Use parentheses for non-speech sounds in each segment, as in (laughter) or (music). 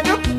çocuk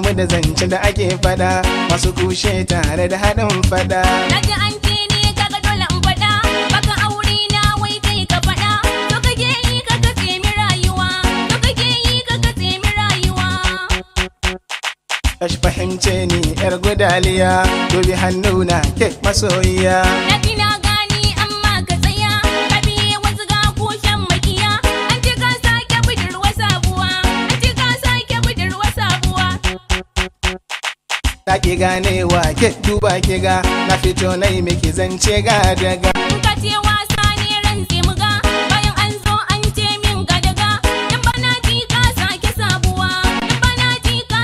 damu da zance da ake fada masu kushe tare da haɗin fada naga an ke ne kaga dole in fada baka aure na wai kai ka fada to kake yi ka katse rayuwa to kake yi ka katse rayuwa kashi fahimce ni yar gudaliya dobi hannu na ke masoyiya ki gane wa ke duba ki ga na fito na yi miki zance ga daga ka ce wasa ne ran mu bayan an zo an ce min gadaga daga in bana ka sake sabuwa in bana ji ka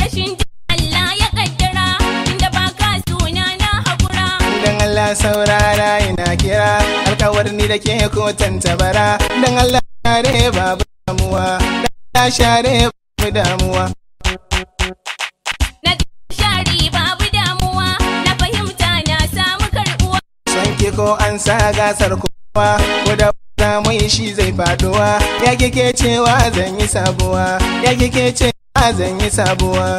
rashin ji Allah ya kaddara inda baka suna na hakura dan Allah saurara ina kira alkawar ni da ke ko tantabara dan Allah share babu damuwa share akwai damuwa na shari babu damuwa na fahimta na samu karbuwa son ki ko an sa gasar kowa ko da samun shi zai faduwa ya kike cewa zan yi sabuwa ya kike cewa zan yi sabuwa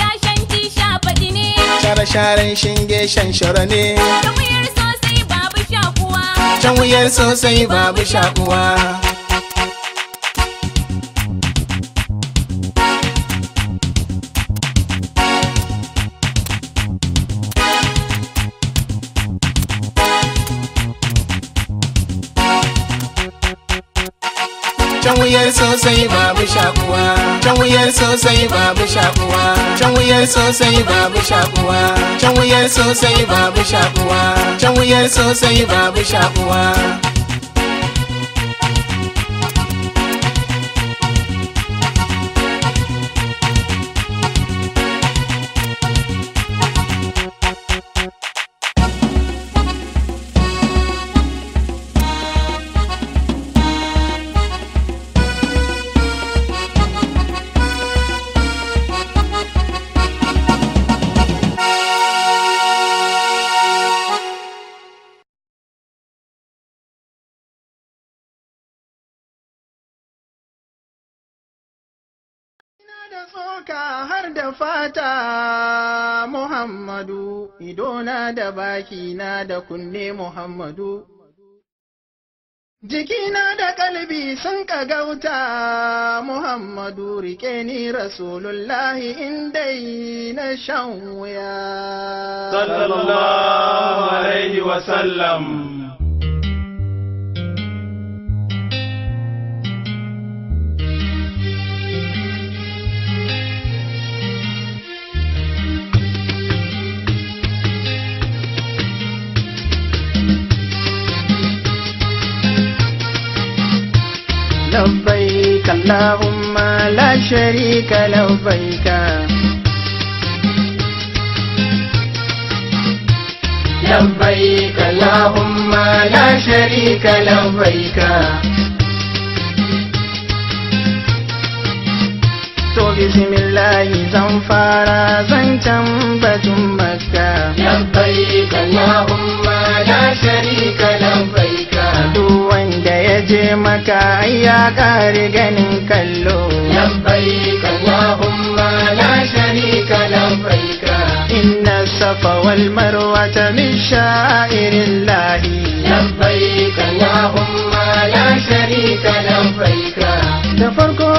share sharan shinge shan shara ne can wuyar sosai babu shakuwa can wuyar sosai babu shakuwa can wuyar sosai babu shakuwa can wuyar sosai babu shakuwa can wuyar sosai babu shakuwa can wuyar sosai babu shakuwa can wuyar sosai babu shakuwa fuskata Muhammadu, idona da bakina da kunne Muhammadu. Jikina da kalbi sun kagauta Muhammadu rike ni Rasulullahi indai na shan wuya. Sallallahu Alaihi Wasallam. لبيك اللهم لا شريك لبيك لبيك اللهم لا شريك لبيك تو بسم layi zan fara zan zancen batun makka labbaika umma la sharika labbaika duk wanda ya je maka ya kare ganin kallo labbaika umma la sharika labbaika inna safa wal marwa min lahi labbaika umma la sharika labbaika da farko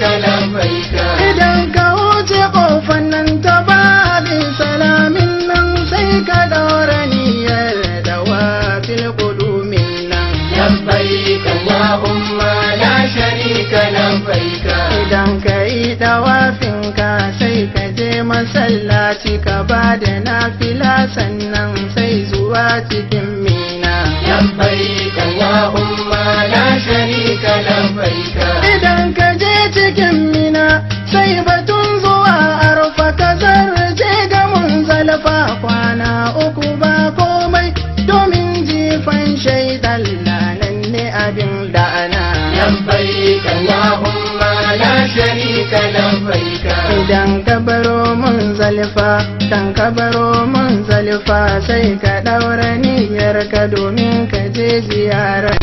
कलम azurfa kan ka baro mun zalfa sai ka ɗaura niyyar ka domin ka je ziyara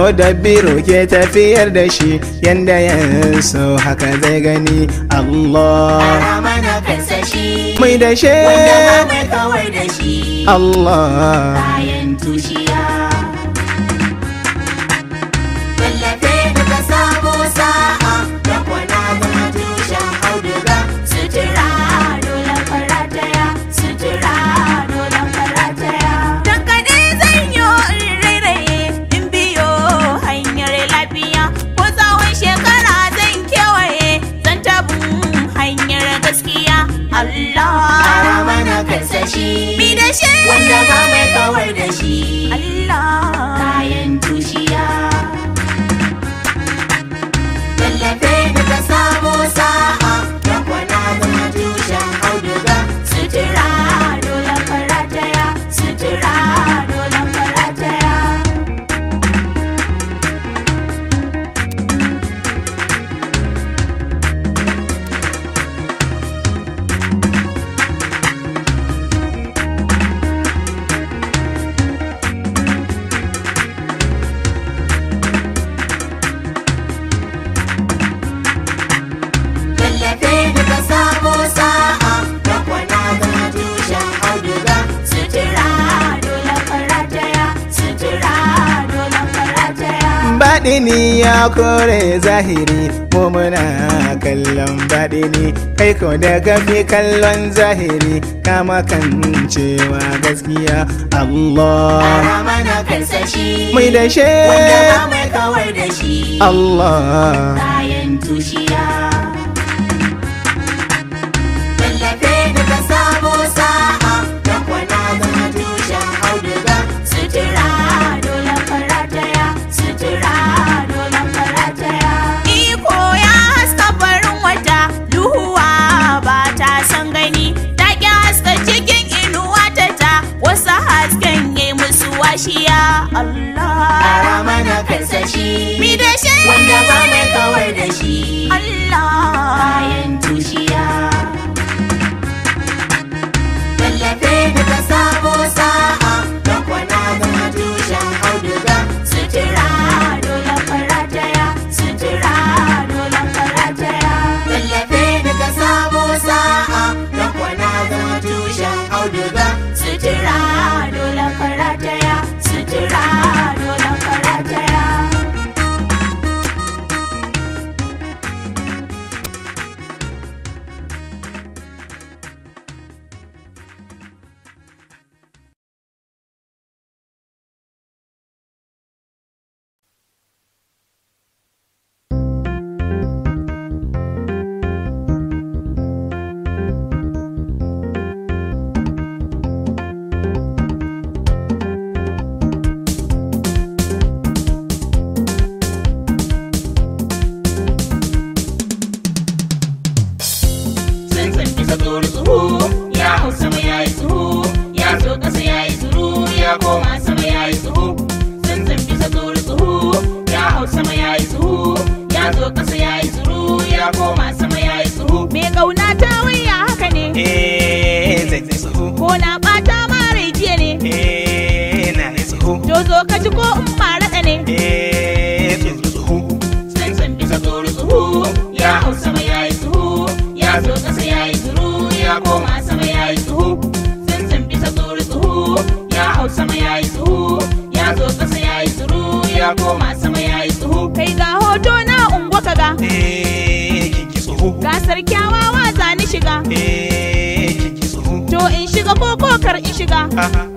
mudabbiru ke tafiyar da shi yanda yanzu haka zai gani Allah mai da shi Allah ka kore zahiri mu muna kallon ne, kai ko da fi kallon zahiri ka cewa gaskiya Allah mana karsashi mai da shi wanda ba mai kawar da shi Allah bayan tushiya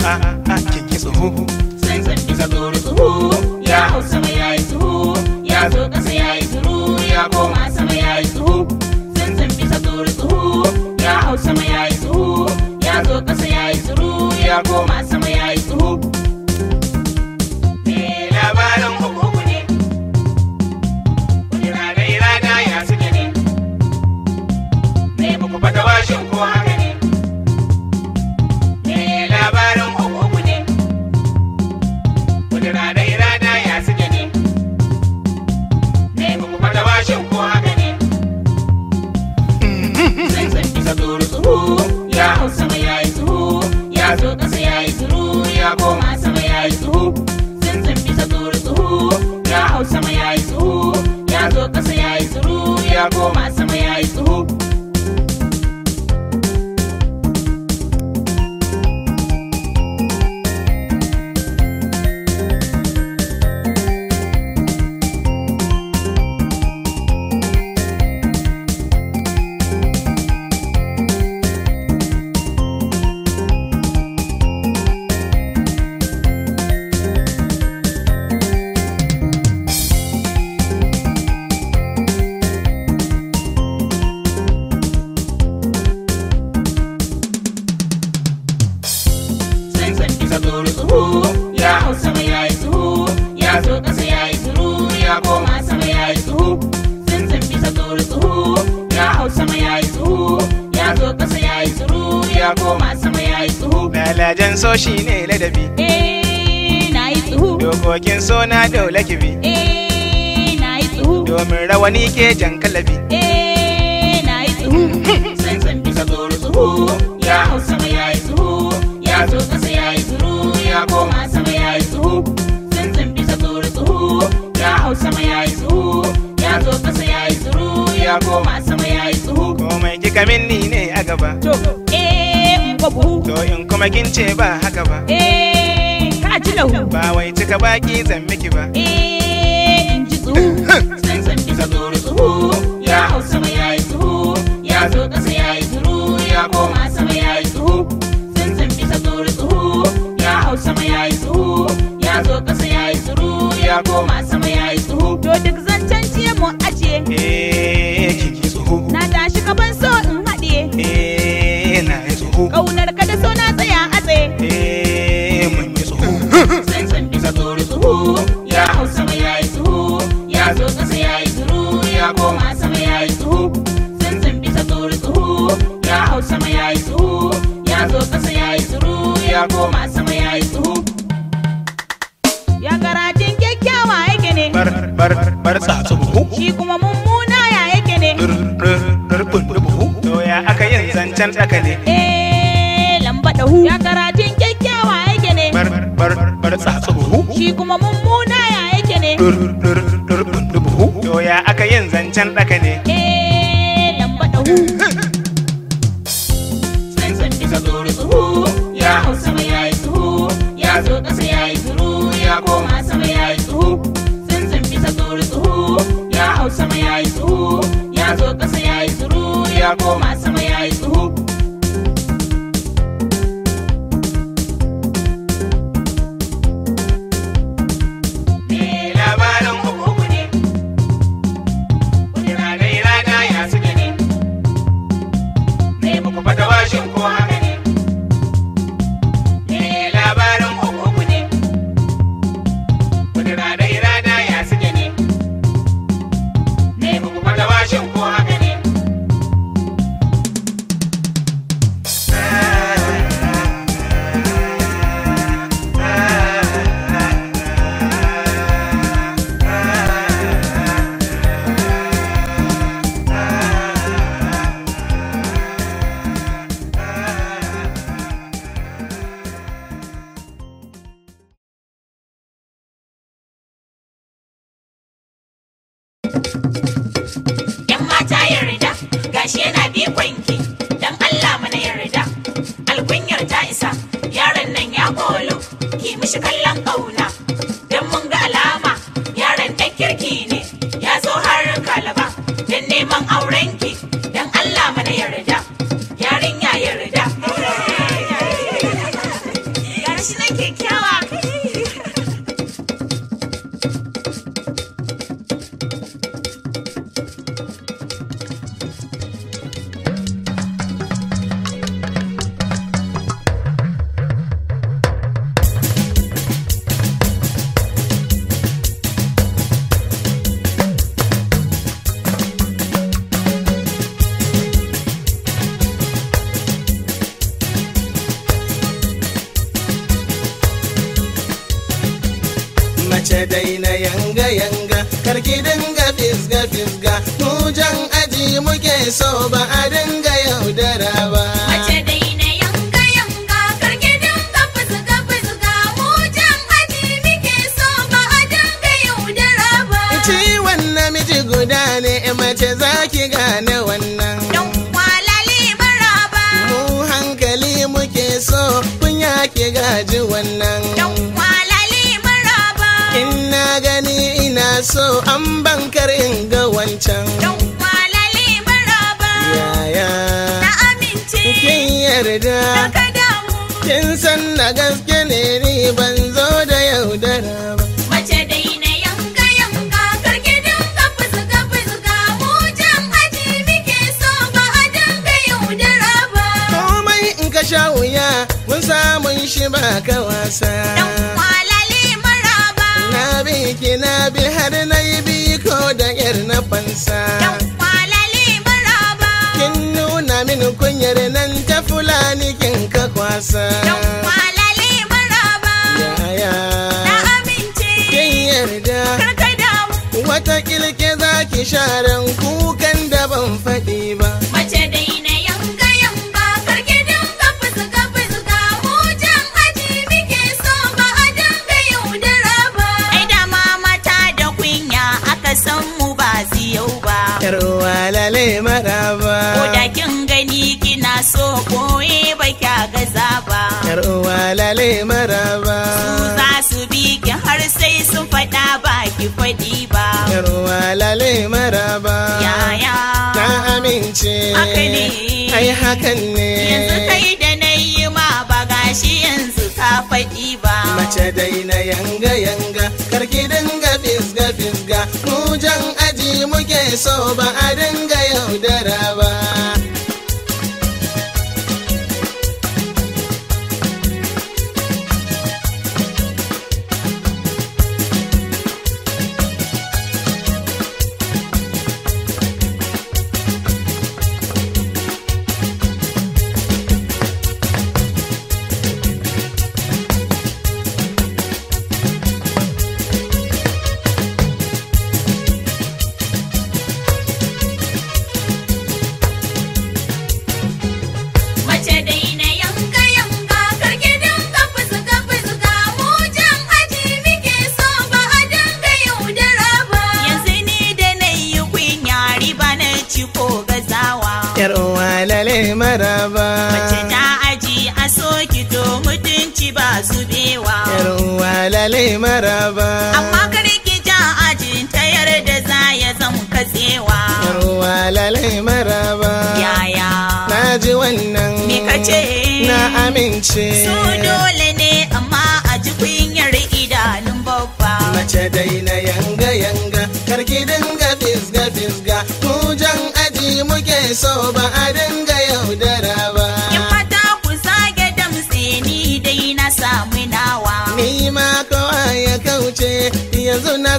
a a kin tsoho sai zambi tsoro tsoho ya hau sama ya yi tsoho ya zo kasa ya yi ya koma sama ya yi tsoho tsoro tsoho ya hau sama ya yi tsoho ya zo kasa ya yi ya koma sama ya yi tsoho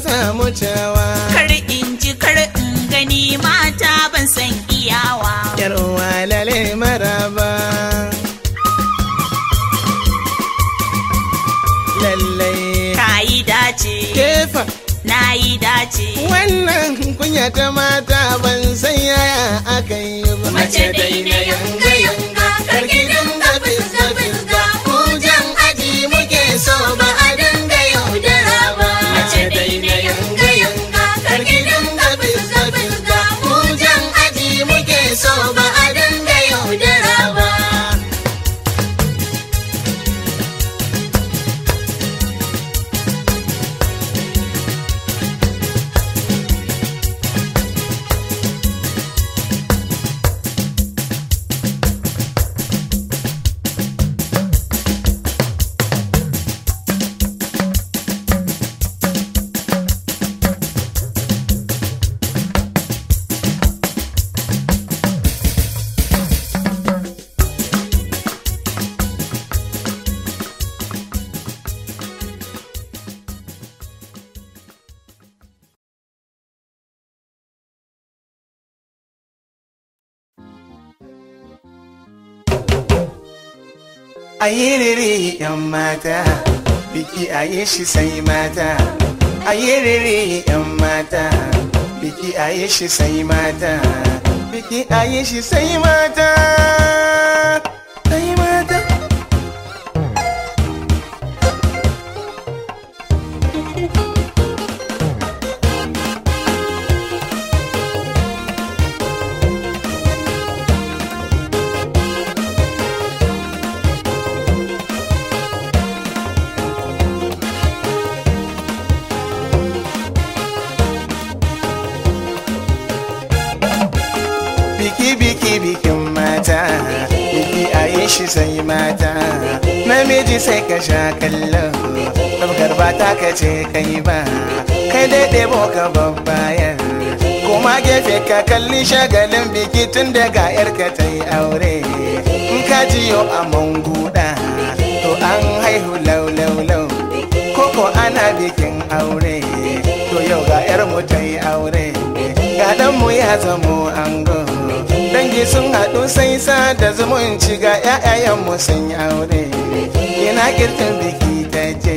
samu cewa kar in ji kar in gani mata ban san iyawa yar walale lale maraba lallai kai dace kefa na yi dace. Wannan kunya ta mata ban san yaya aka Mace dai yanga. mata biki a yi shi sai mata a yi rere yan mata biki a yi shi sai mata biki a yi shi sai mata mata namiji sai ka sha kallo ɗaukar ba ta ka ce kai ba kai daidai boka babbaya kuma gefe ka kalli shagalin biki tun ga yarka ta yi aure in ka jiyo a manguɗa to an haihu laulau koko ana bikin aure to yau ga yar mu ta yi aure ga mu ya zamo ango dangi sun haɗu sai sa da zumunci ga ƴaƴayenmu sun yi aure ina kirkin biki ta ce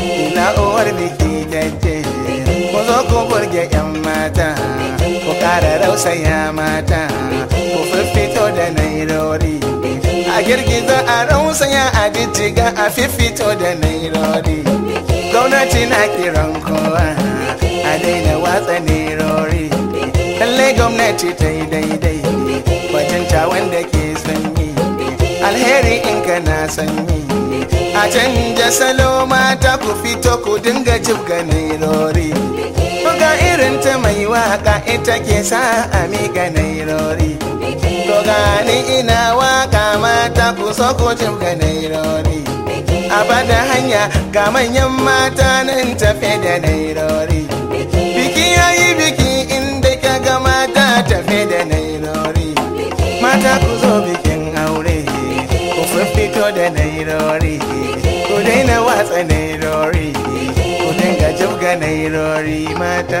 ina uwar biki ta ce ku zo ku burge ƴan mata ku ƙara rausaya mata ku fito da nairori a girgiza a rausaya a jijjiga a fito da nairori gwamnati na kiran kowa a daina watsa nairori lallai gwamnati ta yi daidai mutunta wanda ke sanyi alheri in ka na sanyi a canja salo mata ku fito ku dinga jibga nairori ga irin ta mai waka ita ke sa a miƙa nairori ga ni ina waka mata ku so ku jibga nairori a bada hanya ga manyan mata nan tafe da nairori biki yayi biki inda ka ga mata tafe da nairori mata kuzobikin aure ku fito da nairori ku daina watsa nairori ku dinga jibga nairori mata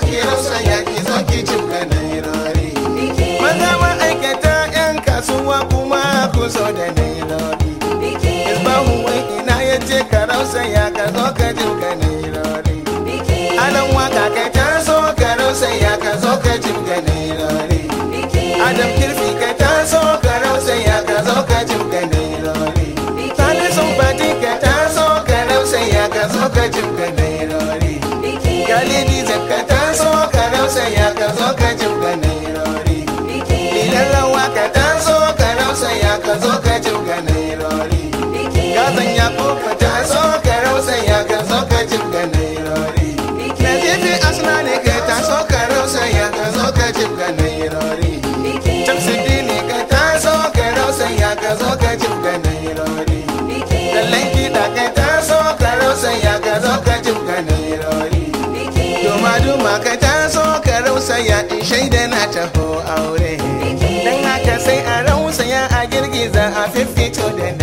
rausaya ka zo ka jibga na irori idan rawa ka dan zo ka rausaya ka zo ka jibga na irori ka zanya ko ka ta zo ka rausaya ka zo ka jibga na irori na jefe asna ne ka ta so ka rausaya ka zo ka jibga na irori tamsidini ka ta zo ka rausaya ka zo ka jibga these are to them.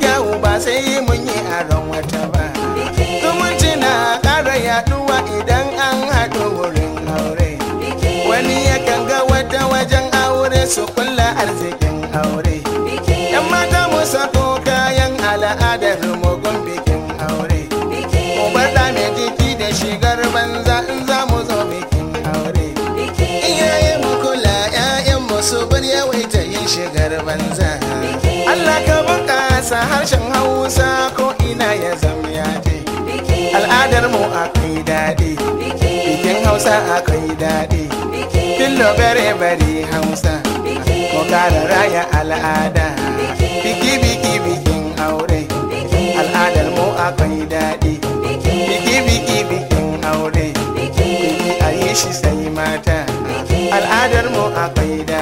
kyawu ba sai mun yi aron wata ba zumunci na ƙara yaduwa idan an haɗu wurin aure wani yakan ga wata wajen aure su kulla arziki isa harshen hausa ko ina ya zama ya je al'adar mu akwai daɗi bikin hausa akwai daɗi fillo bere bari hausa ko kara raya al'ada biki biki bikin aure al'adar mu akwai daɗi biki biki bikin aure biki a sai mata al'adar mu akwai daɗi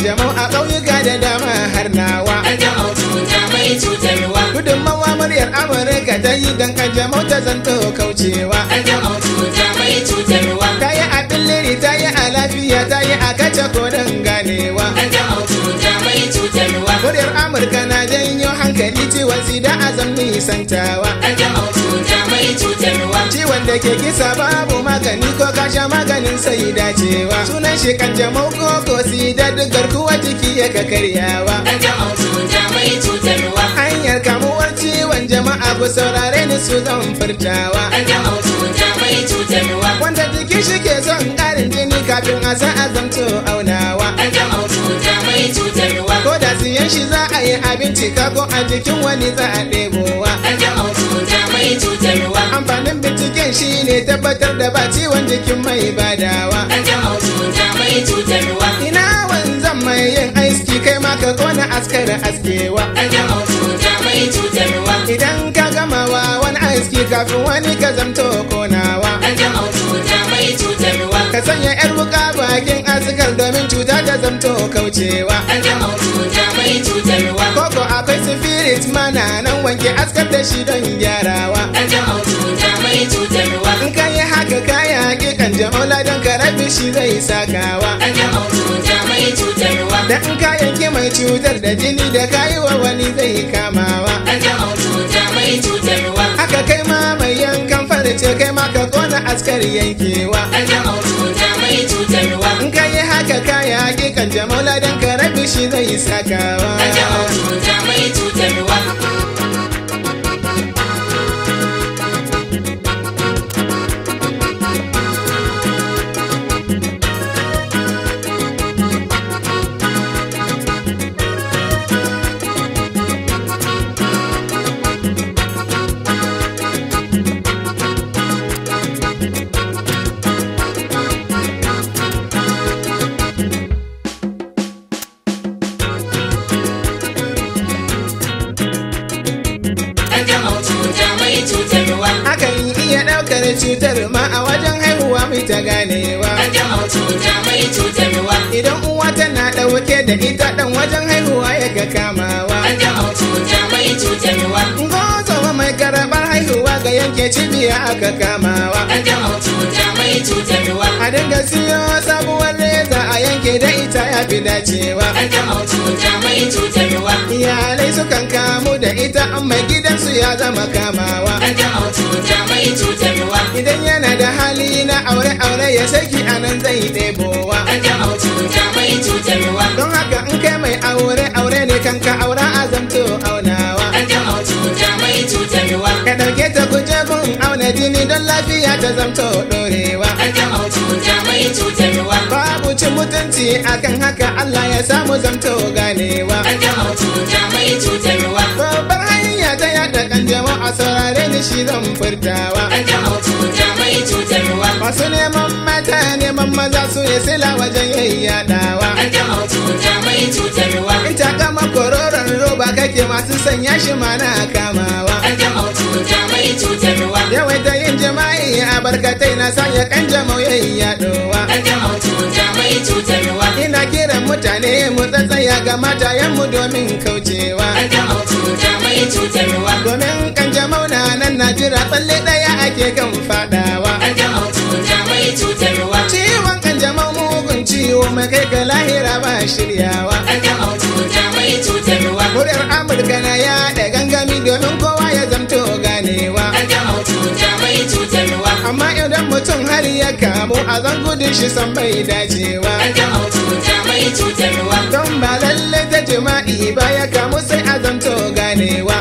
kanjamau a ƙauyuka da dama har nawa cuta mai gudunmawa muryar amurka ta yi don kanjamau ta zanto kaucewa kanjamau cuta mai ta yi a billiri ta yi a lafiya ta yi a kace kodin ganewa kanjamau cuta mai muryar amurka na janyo hankali cewa sida a zan nisantawa ciwon da ke kisa babu magani ko kasha maganin sai dacewa sunan shi kan jamau ko ko da duk garkuwa jiki ya ka karyawa hanyar kamuwar ciwon jama'a ku saurare ni su zan furtawa wanda jiki shi ke son karin jini kafin a sa azamto aunawa ko da siyan shi za a yi abinci kako a jikin wani za a ɗebowa cutarwa amfanin binciken shine tabbatar da ba ciwon jikin mai badawa kanjamau cuta mai ina wanzan mai yin aiki kai ma ka kona askara askewa idan ka wa wani aiki kafin wani ka zamto konawa ka sanya yar wuka bakin asikar domin cuta ta zamto kaucewa koko akwai spirit mana nan wanke askar da shi don gyarawa in ka yi haka ka ake kan jama'ula don ka shi zai sakawa da in ka yanke mai cutar da jini da kayi wa wani zai kamawa ce kai ma ka kona askar yankewa ƙaddamar cuta mai in ka yi haka kaya hakikan jama'a dan ka rabi shi zai sakawa ƙaddamar fi dacewa iyalai sukan kamu da ita mai gidansu ya zama kamawa kada idan yana da hali na aure aure ya saki anan zai ɗebowa kada mau cuta mai cutarwa don haka in kai mai aure aure ne kanka aura azamto aunawa ka ɗauke ta kuje gun auna jini don lafiya ta zamto ɗorewa mutunci akan haka Allah ya samu zamto ganewa kanjamau babbar hanya ta yada kanjamau a saurare ni shi zan furtawa kanjamau masu neman mata neman maza su ya sila wajen yayyadawa kanjamau cutarwa ita kama kororon roba kake masu sanya shi mana kamawa cuta mai cutarwa yawaita yin jima'i a barkatai na saya kanjamau yayi yaduwa kanjamau cuta mai cutarwa ina kiran mutane mu tsatsaya ga matayenmu domin kaucewa kanjamau cuta mai cutarwa domin kanjamau na nan na jira tsalle ɗaya ake kan fadawa kanjamau cuta ciwon kanjamau mugun ciwo mai kai ga lahira ba shiryawa kanjamau cuta mai cutarwa muryar amurka na yaɗa gangami domin kowa ya zamto ga mutum har ya kamu a zan gudun shi san bai dacewa don ba lalle ta jima'i ba ya kamu sai a zanto ganewa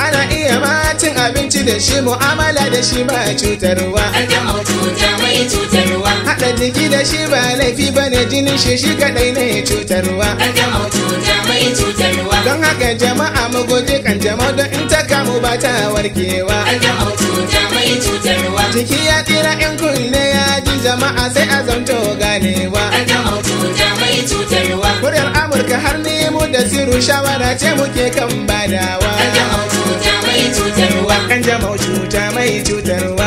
ana iya ma cin abinci da shi mu'amala da shi ba cutarwa haɗa jiki da shi ba laifi ba ne jinin shi shi kaɗai ne cutarwa. Ƙanjamau cuta mai cutarwa. Don haka jama'a mu guji ƙanjamau don in ta kamu ba ta warkewa. Ƙanjamau cuta mai cutarwa. Jiki ya tsira in kulle ya ji jama'a sai a zamto ganewa. Ƙanjamau cuta mai cutarwa. Muryar Amurka har nemo mu da siru shawara ce muke kan badawa. Ƙanjamau cuta mai cutarwa. cuta mai cutarwa.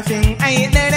I ain't there.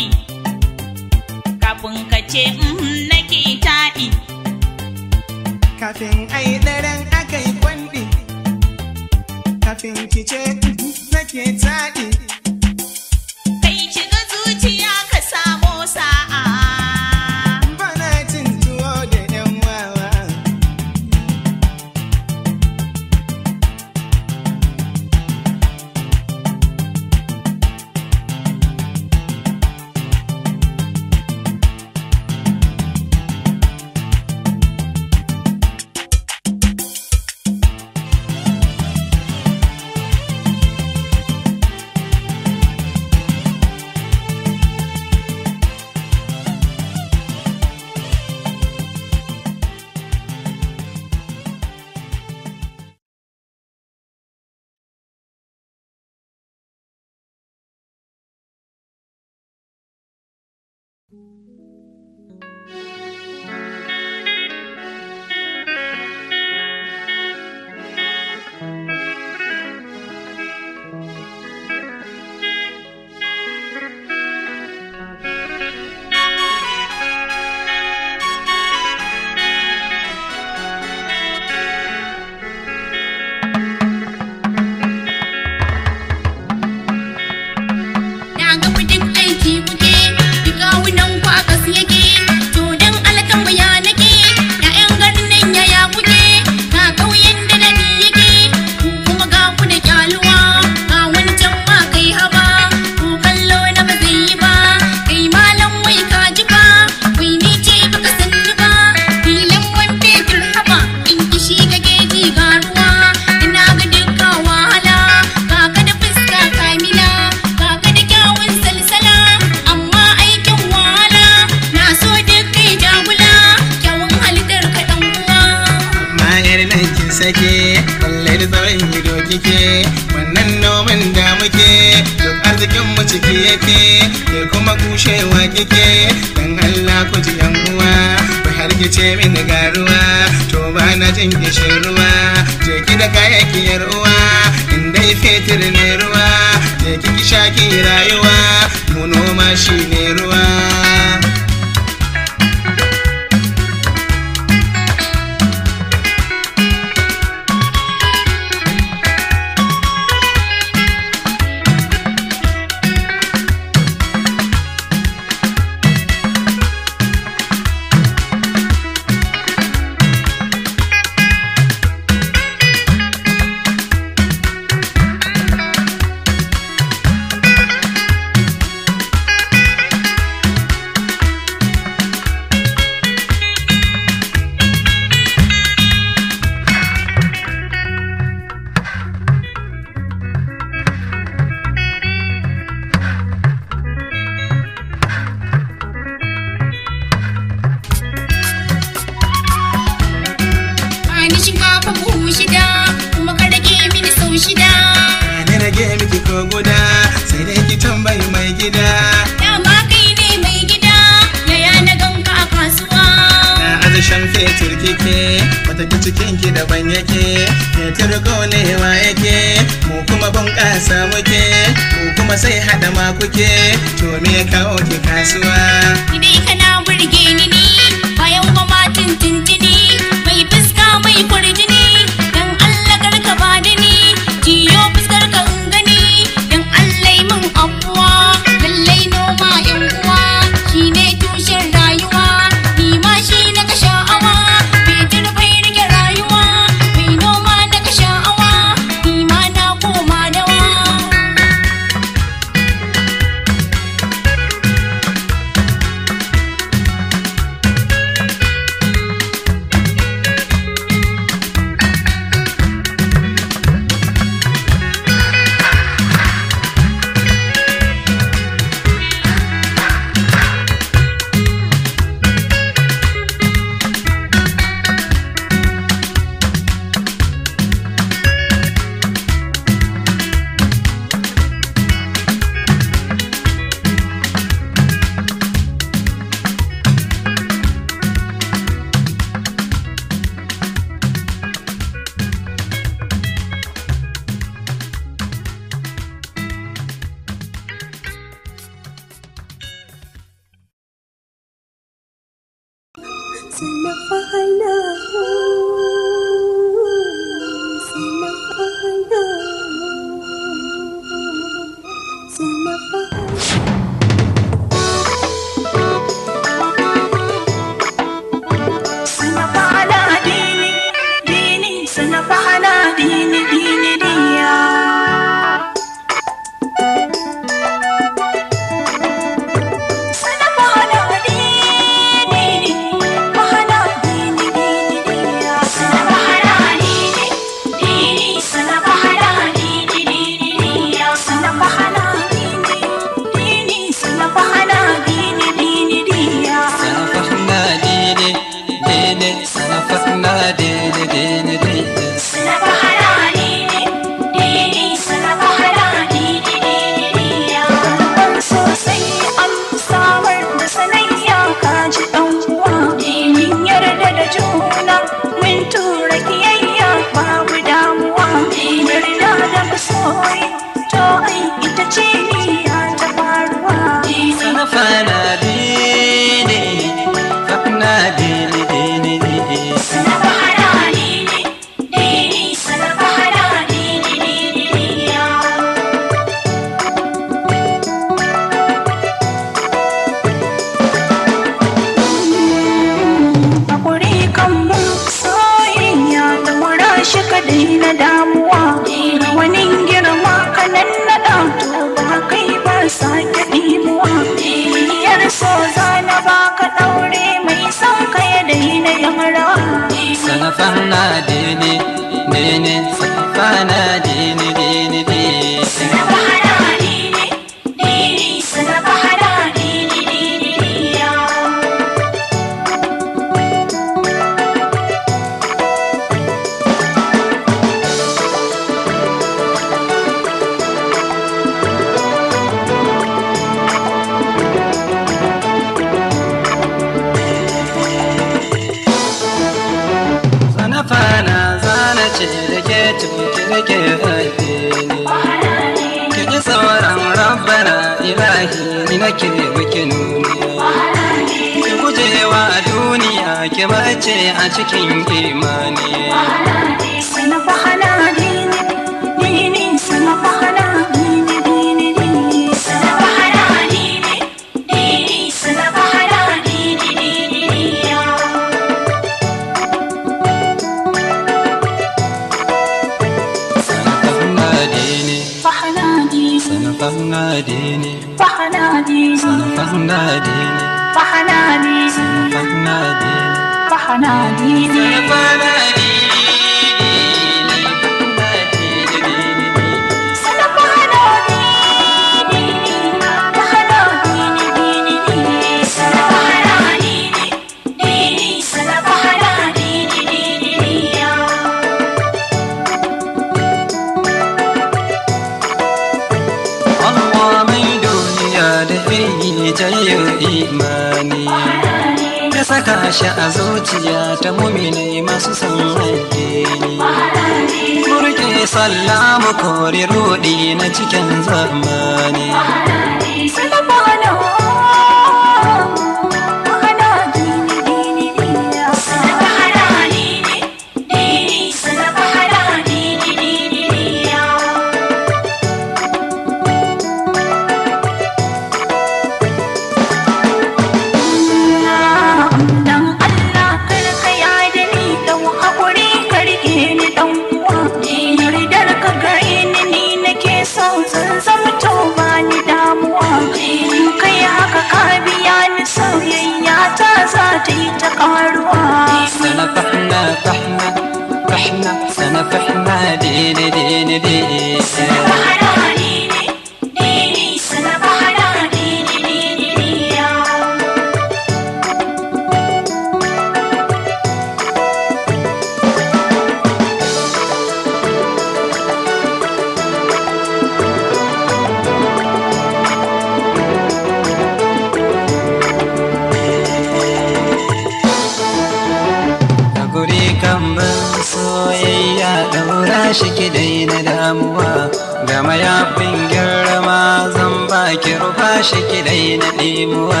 shi ki na damuwa ga mayafin girma zan ba ki rufa shi ki na ɗimuwa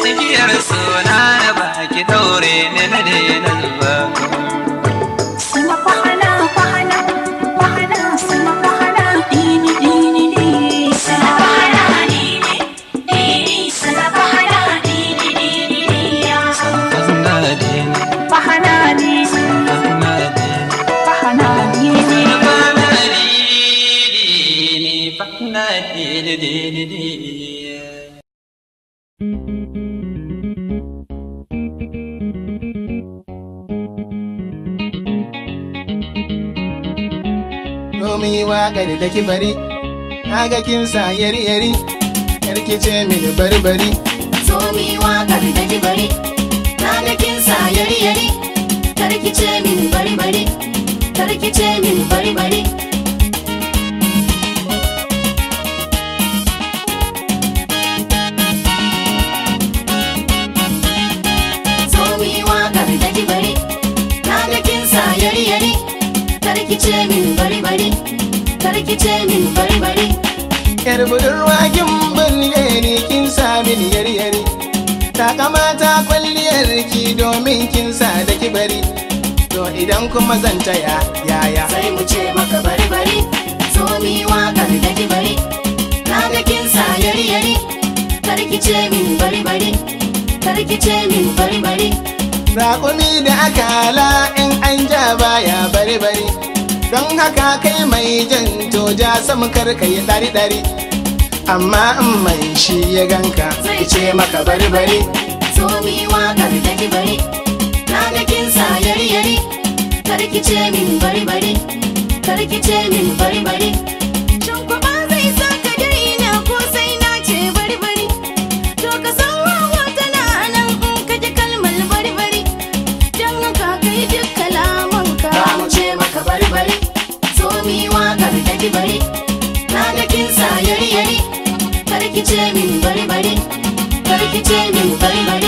tsakiyar suna na ba ki daure ni na daina zuba wagar da ki bari kaga kin sa yari yari yarki ce mini bari bari so mi wagar da ki bari kaga kin sa yari yari karki ce mini bari bari karki ce mini bari bari Jamie. rikice min barbare yar budurwa kin balle ne kin sa min yaryare ta kamata kwalliyar ki domin kin sa da bari, to idan kuma zan taya yaya sai mu ce maka bari bari so mi wakar da na ga kin sa yaryare karkice min bari bari karkice min bari bari Raƙumi da aka hala in an ja baya bari bari don haka kai mai jan toja sam kar ka yi dari dari amma in mai shi ya ganka zai ce maka bari bari so mi kar da ki bari na kin sa yari yari kar ki ce min bari bari kar ki ce min bari bari チェミンバリバリバルキチェミンバリバリ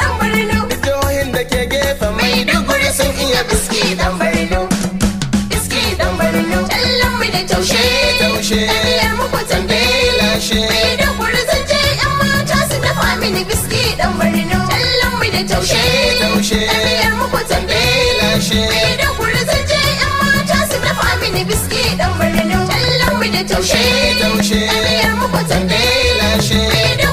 sun iya biski dan barno biski dan barno tallan mu da taushe taushe ɗabiyar muku tambe lashe mai da kuri zan je yan mata su dafa mini biski dan barno tallan mu da taushe taushe ɗabiyar muku tambe lashe da kuri zan je yan mata su dafa mini biski dan barno tallan mu da taushe taushe ɗabiyar muku tambe lashe da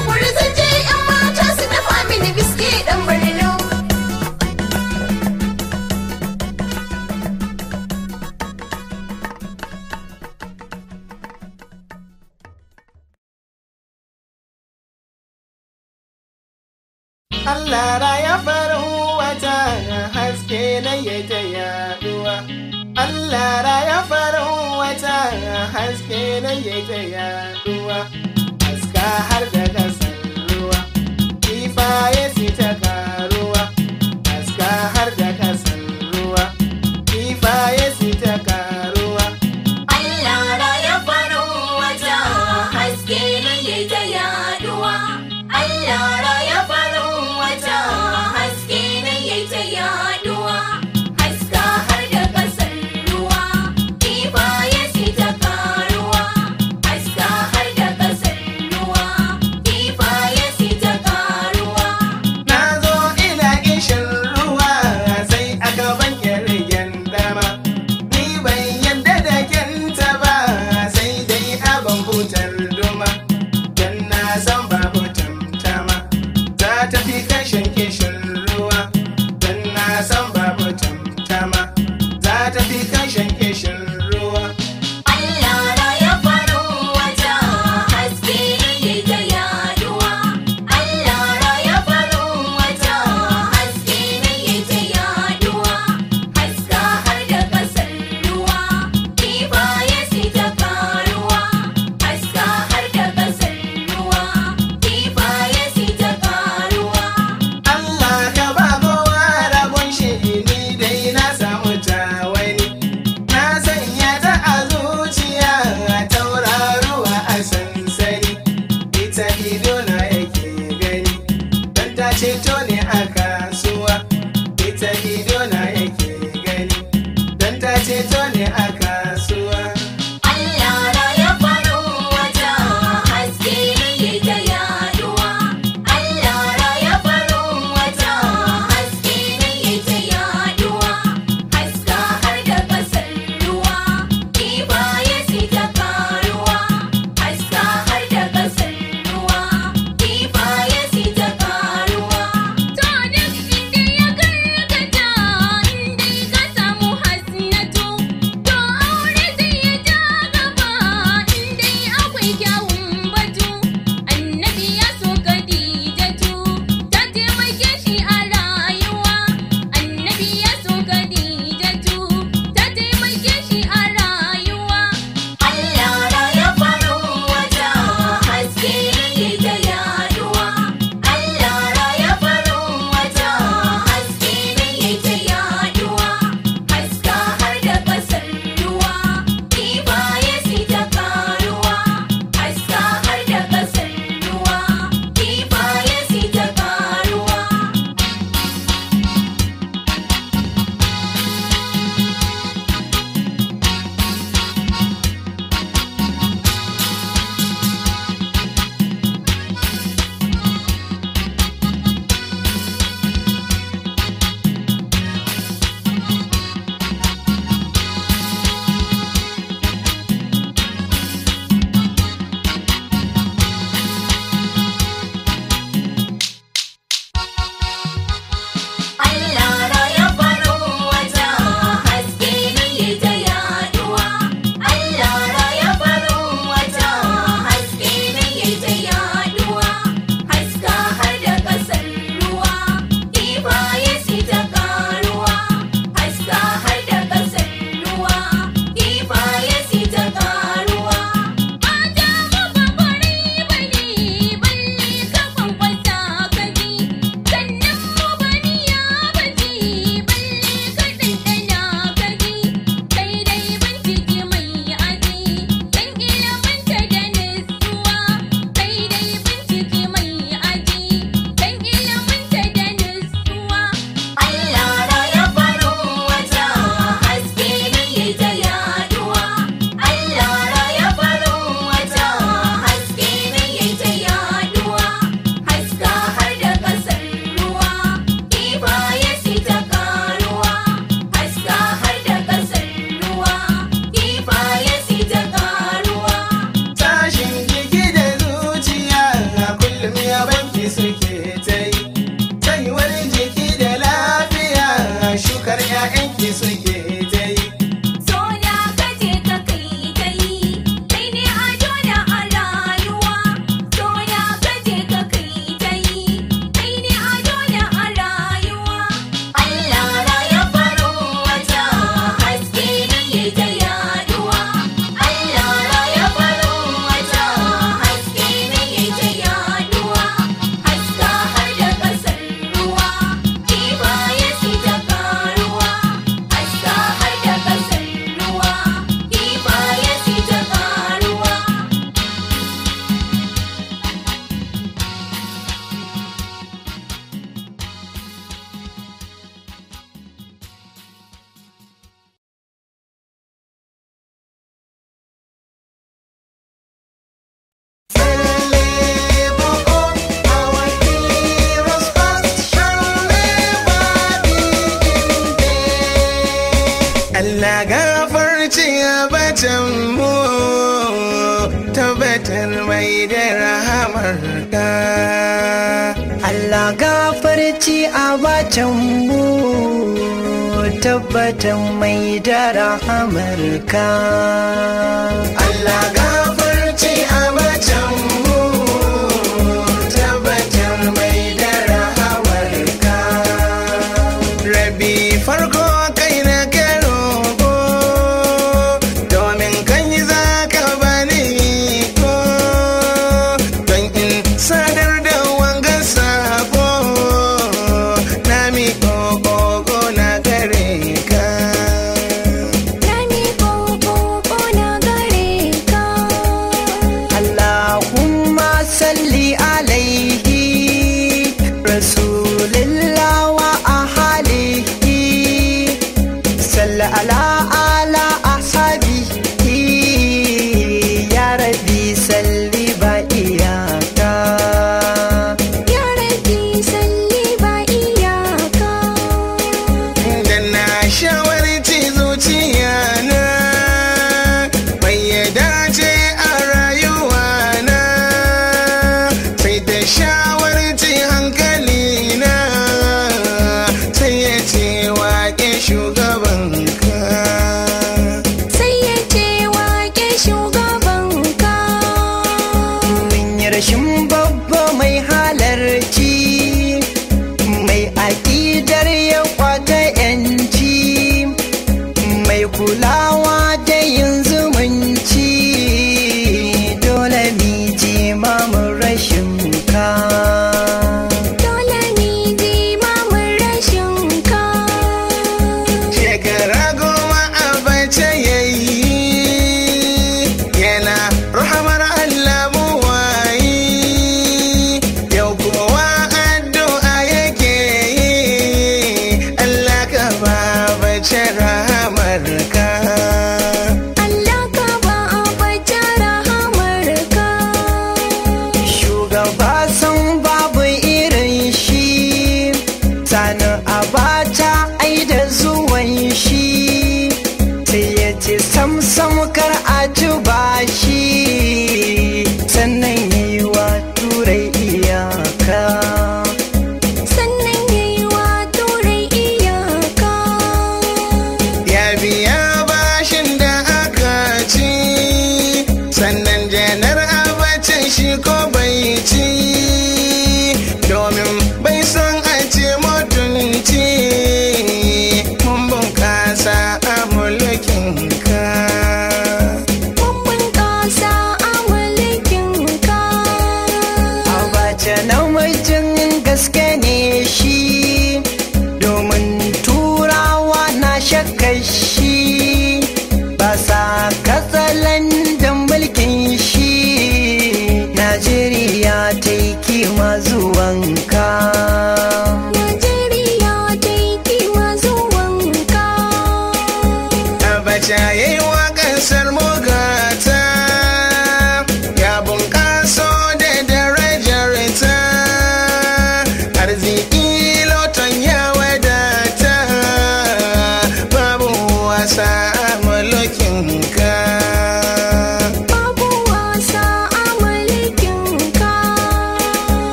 Sani Abacha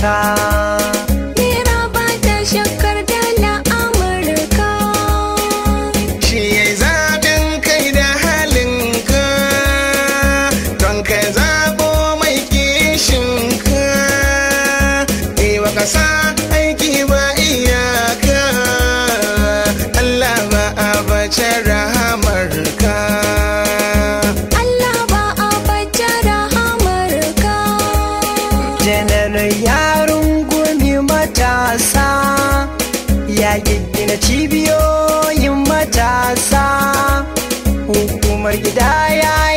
time uwar gida ya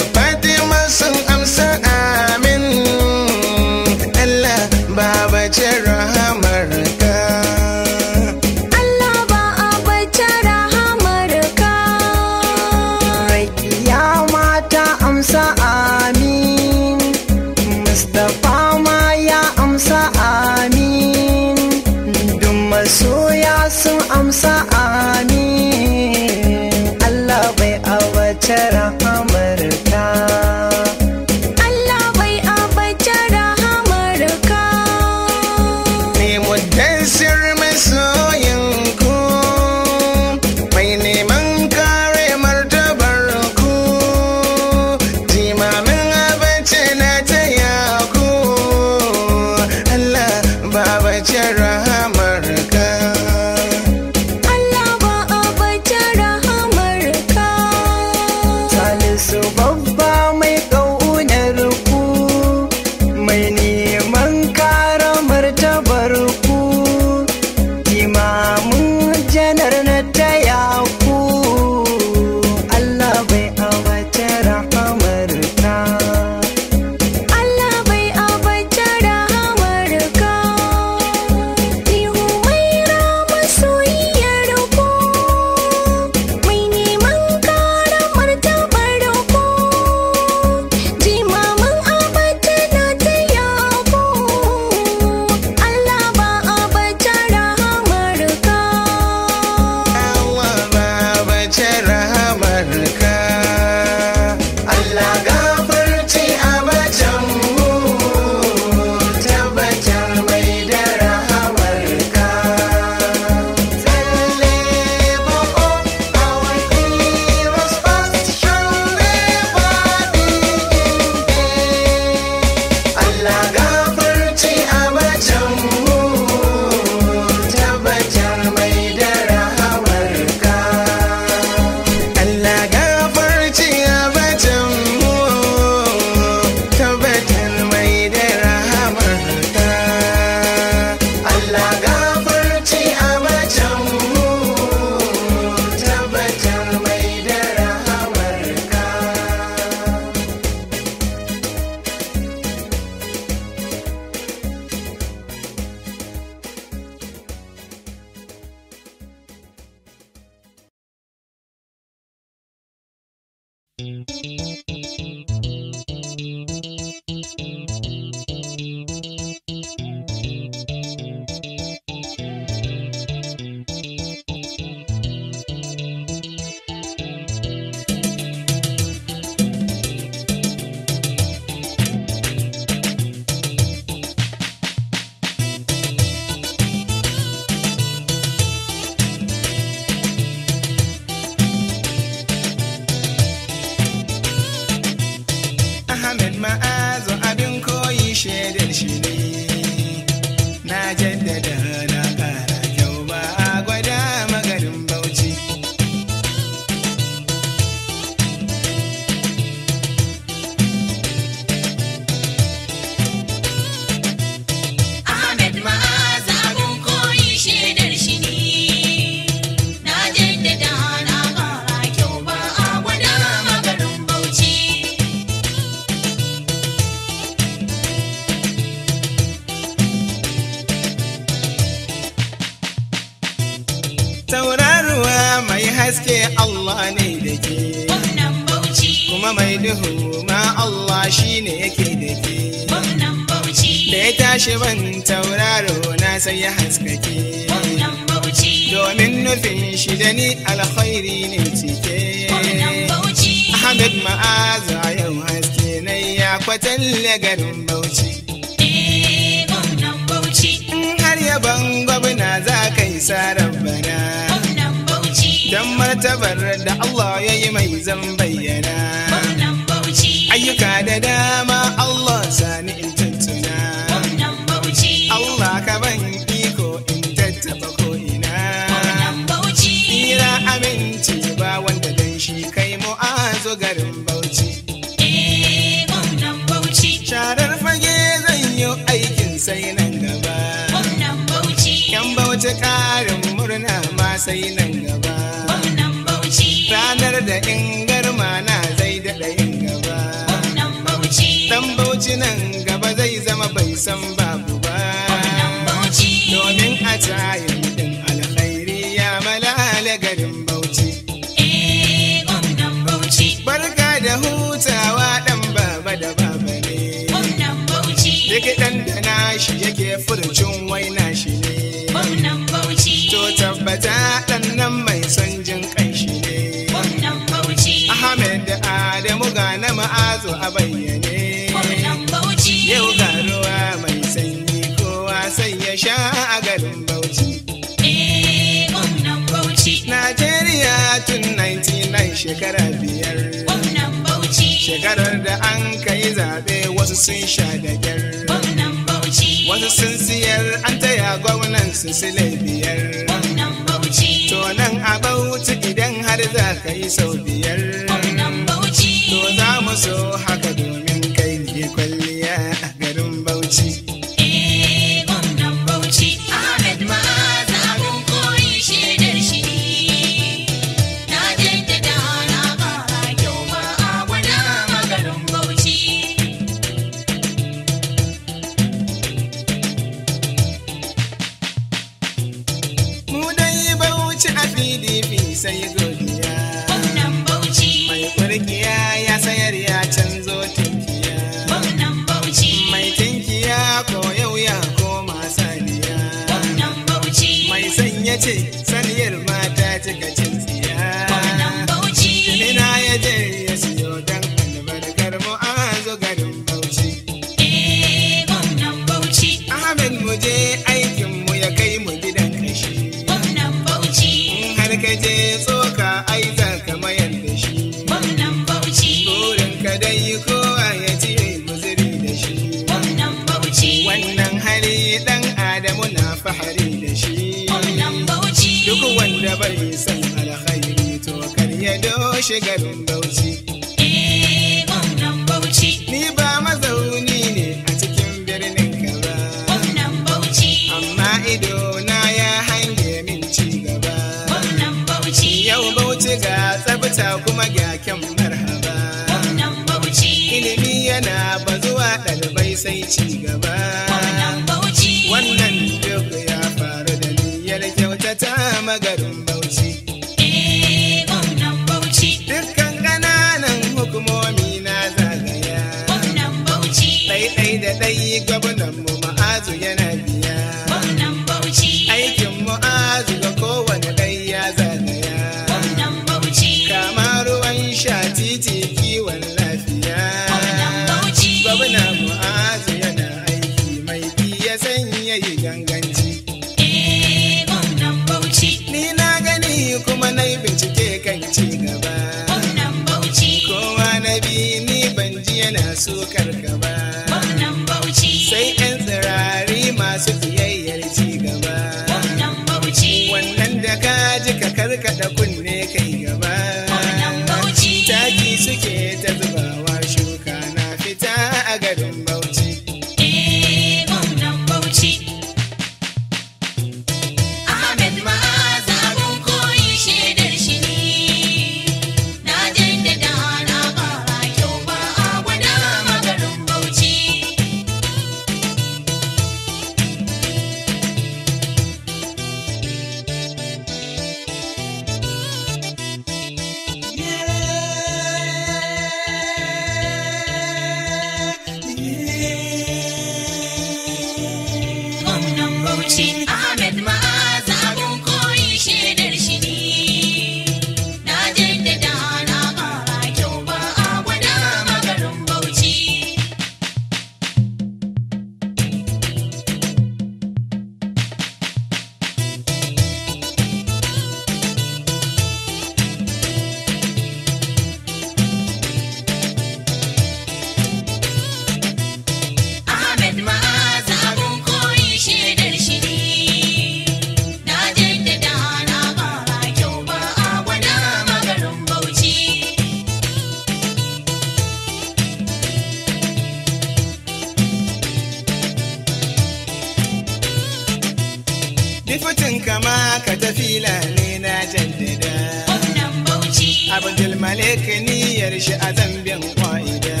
Hifitin kama ka tafi ne na jaddada. Gwamnan Bauchi. Abdul Malik niyyar shi a zambin ƙwa'ida.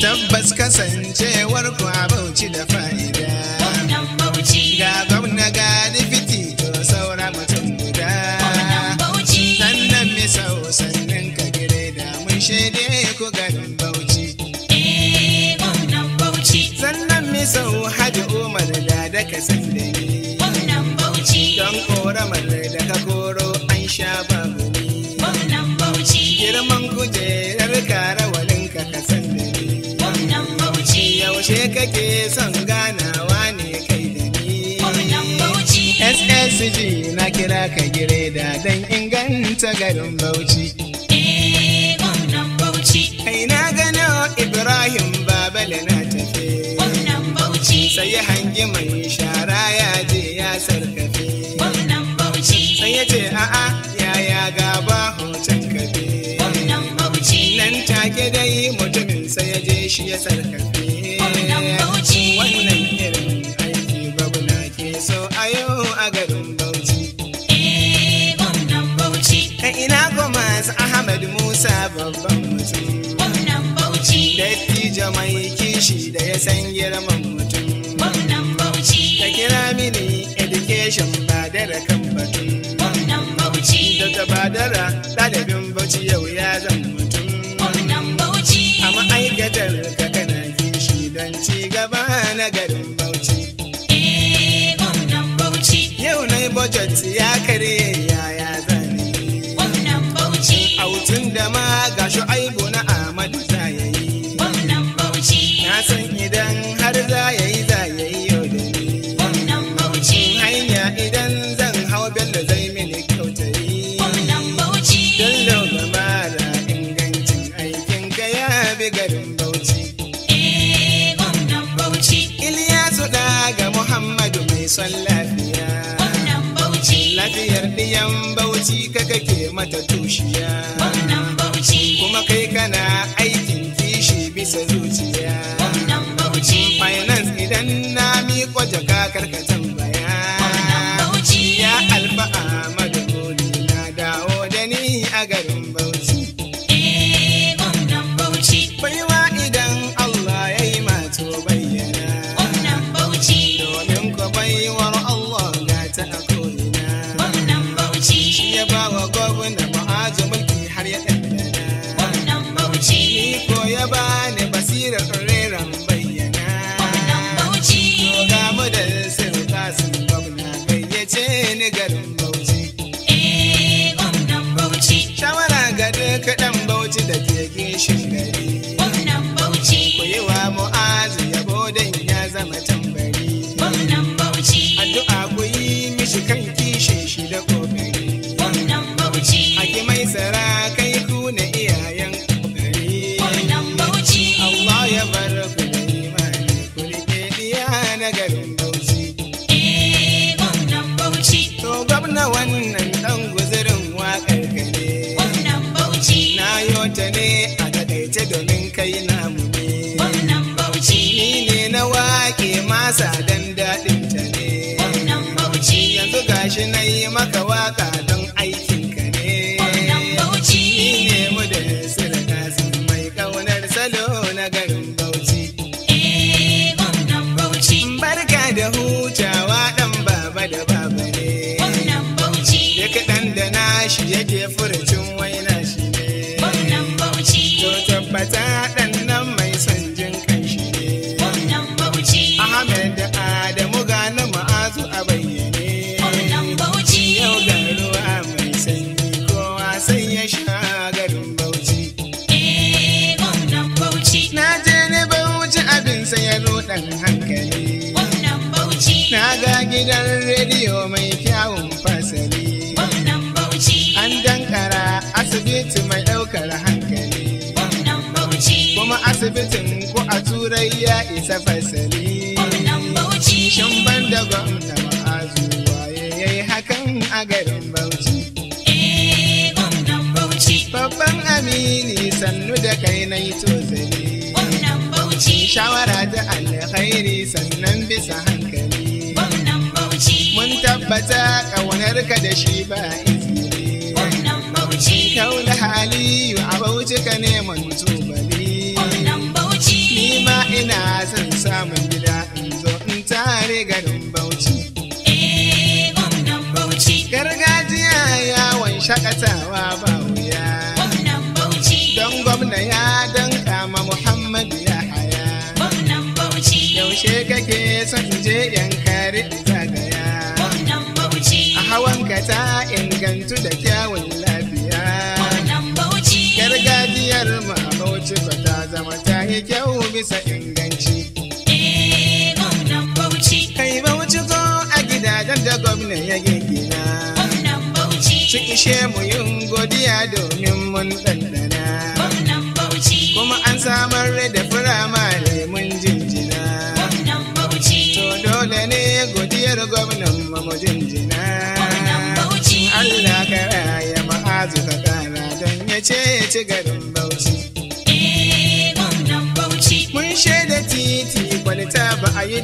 Tabbas kasancewar ku a Bauchi da fa'ida. nake son ganawa ne kai da ni ssg na kira ka da dan inganta garin eh, bauchi kai na gano ibrahim babale na tafe sai ya hangi mai shara ya je ya sarkafe sai ya ce a'a yaya gaba hoton kafe nan take dai mutumin sai ya je shi ya sarkafe da ya san girman mutum. Gwamnan Bauchi. Ka kira mini education ba dara kan batun. Gwamnan Bauchi. Daga badara ɗalibin Bauchi yau ya zan mutum. Gwamnan Bauchi. A ma'aikatar ka kana kishi don ci gaba na garin Bauchi. Eh, Yau na yi budget ya karye yaya zan. Gwamnan Bauchi. A hutun da ma ga shu'aibu shi kaga ke mata tushiya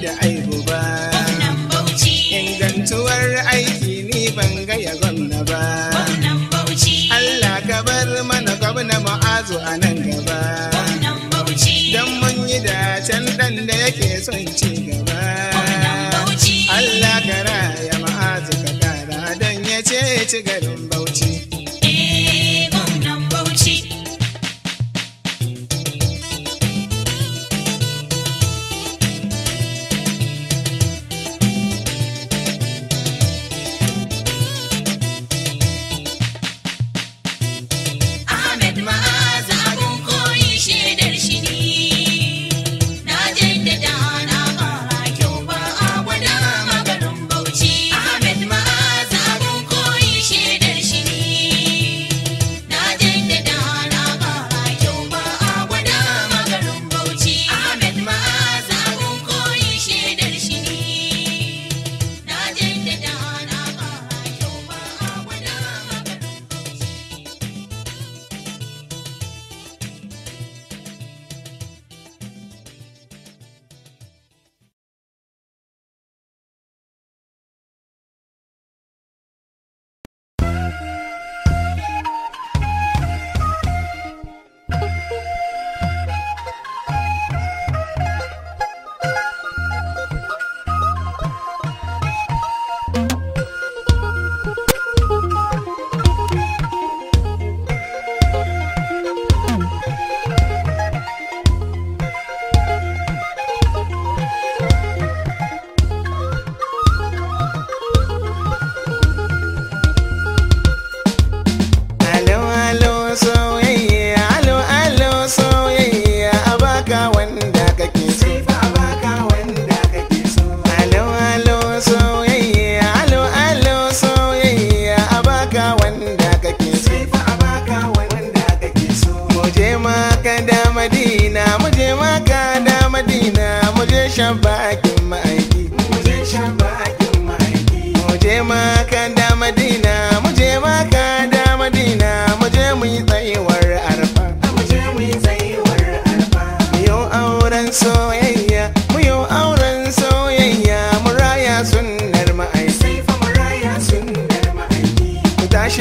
da aibu ba ingantuwar aiki ni ban gaya gwamna ba Allah ka bar mana gwamna ma'azu a nan gaba don mun yi can ɗan da yake son ci gaba Allah ka raya ma'azu ka kara don ya ce ci garin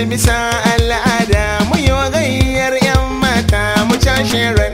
shi bisa al'ada mu yi wa gayyar 'yan mata mu cashe rai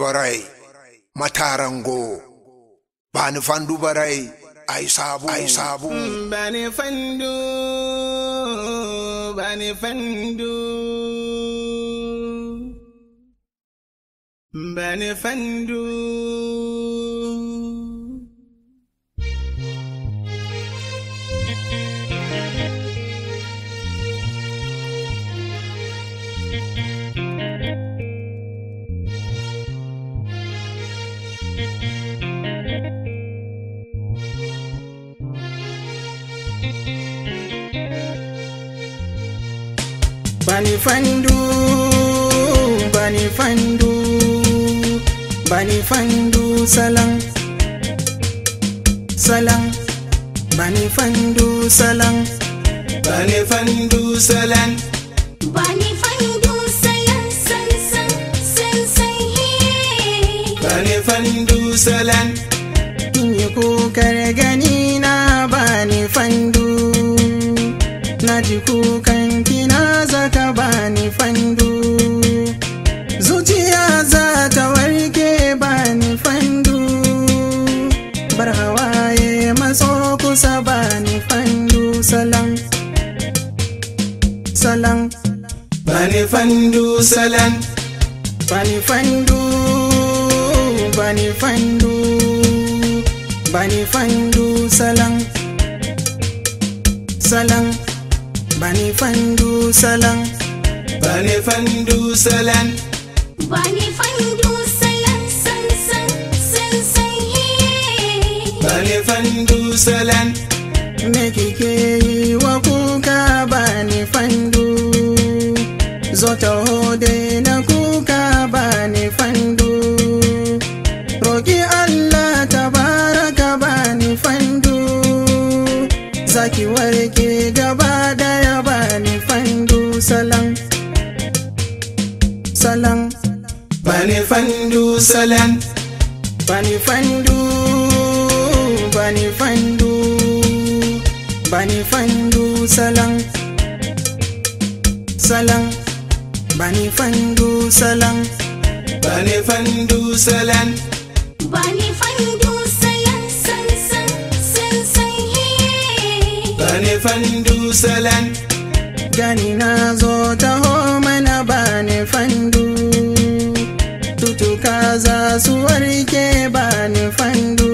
barai matarango bani fandu barai ai sabu ai sabu bani fandu bani fandu bani fandu bani fandu bani fandu bani fandu salang salang bani fandu salang bani fandu salang bani fandu salang san san san san he bani fandu salam in yi kokar gani fandu salan bani fandu bani fandu bani fandu salan salan bani fandu salan bani fandu salan bani fandu salan san san san san bani fandu salan me kike yi wa kuka bani fandu zo taho dai na kuka ba ni fandu roƙi Allah tabaraka ba ni fandu zaki warke gaba daya ba ni fandu salam salam ba ni fandu salam ba ni fandu ba ni fandu ba ni fandu salam salam bani fandu salan bani fandu salan bani fandu salan san san san san he bani fandu salan gani na zo taho mana bani fandu tutu kaza su warke bani fandu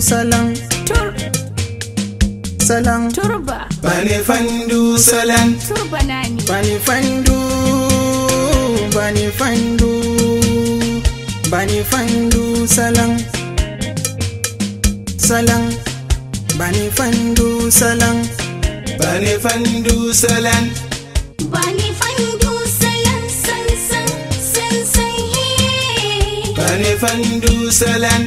fandu salan tur salan turba bani fandu salan turba na ni. bani fandu bani fandu bani fandu salan salan bani fandu salan bani fandu salan bani fandu salan san san san san he bani fandu salan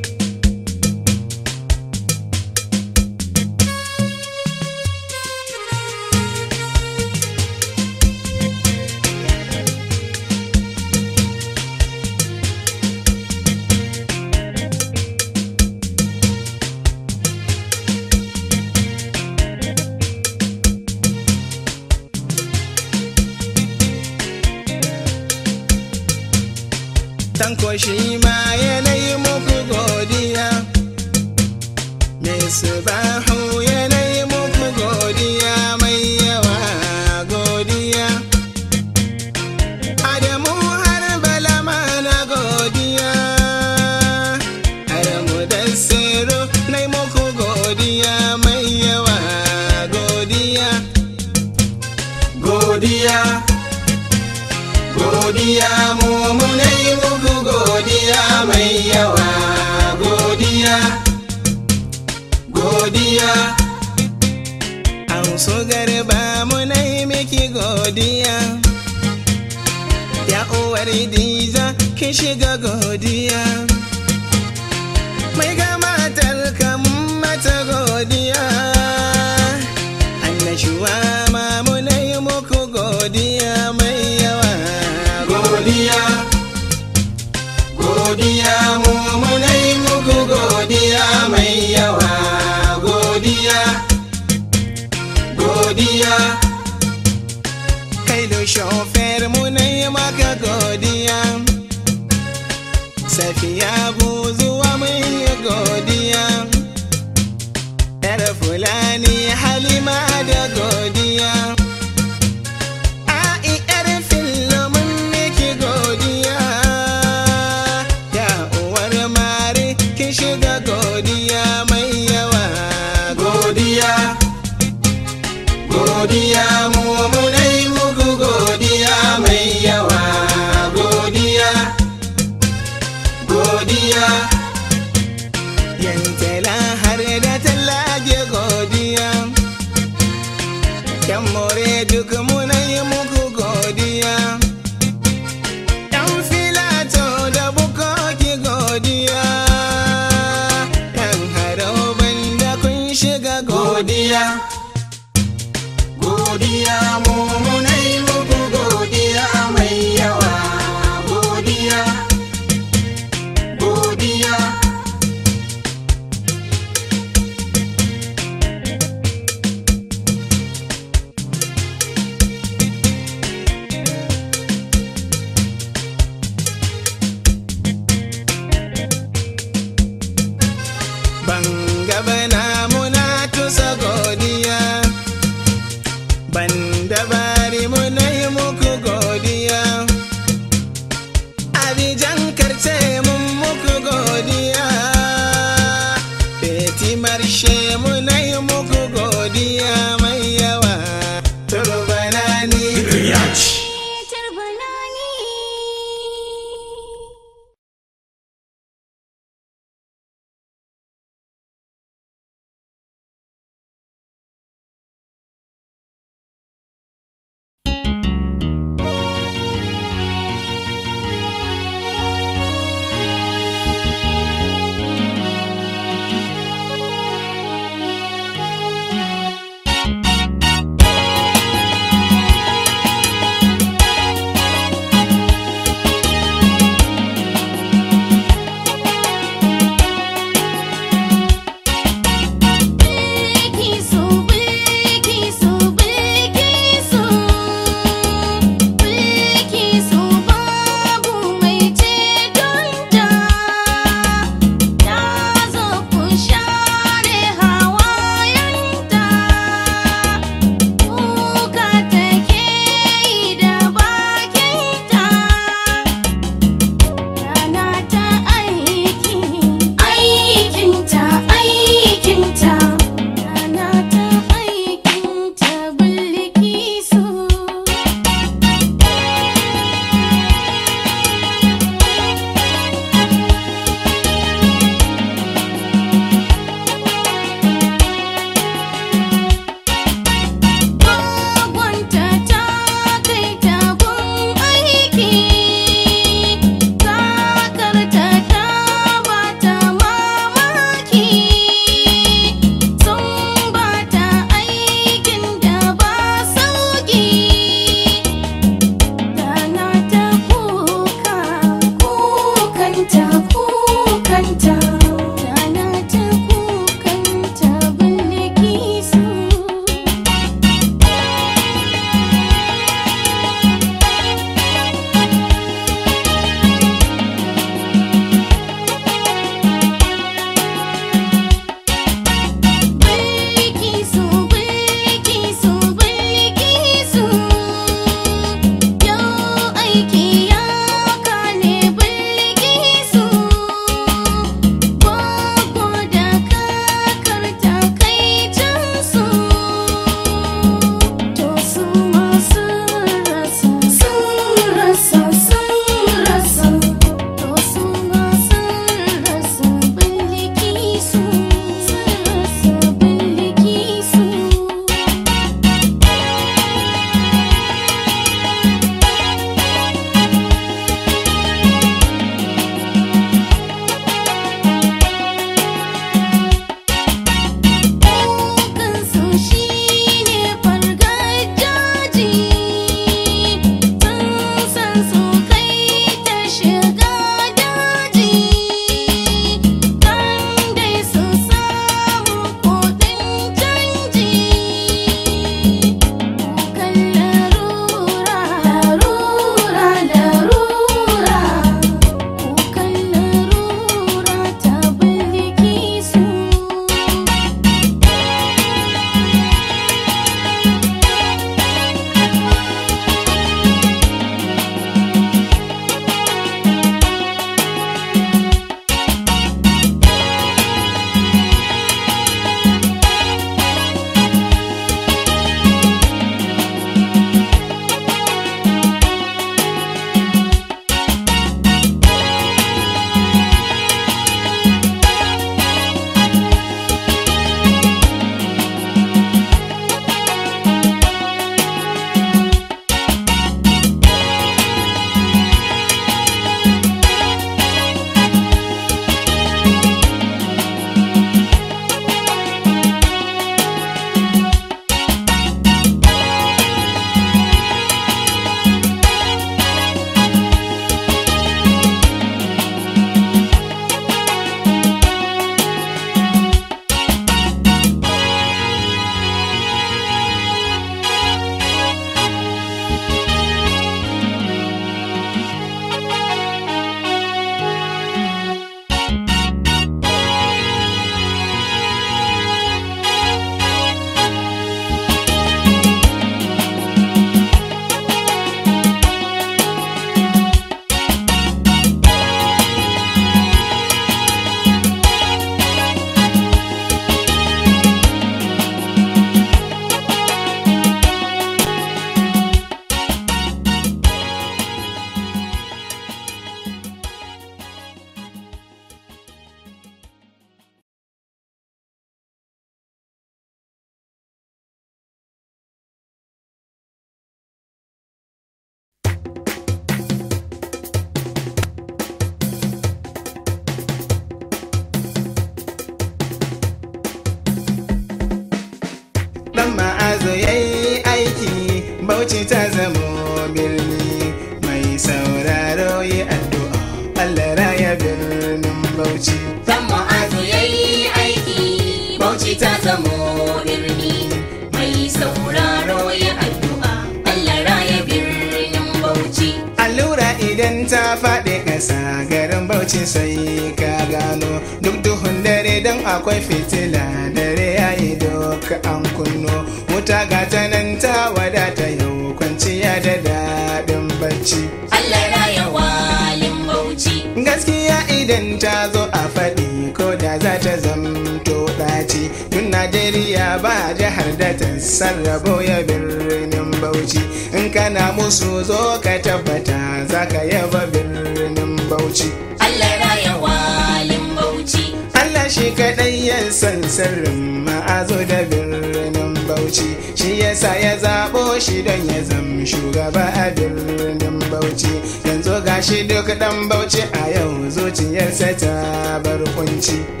Unity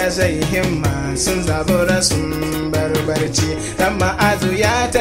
da zai himma sun zabura sun barbarci dan ma'azu ya ta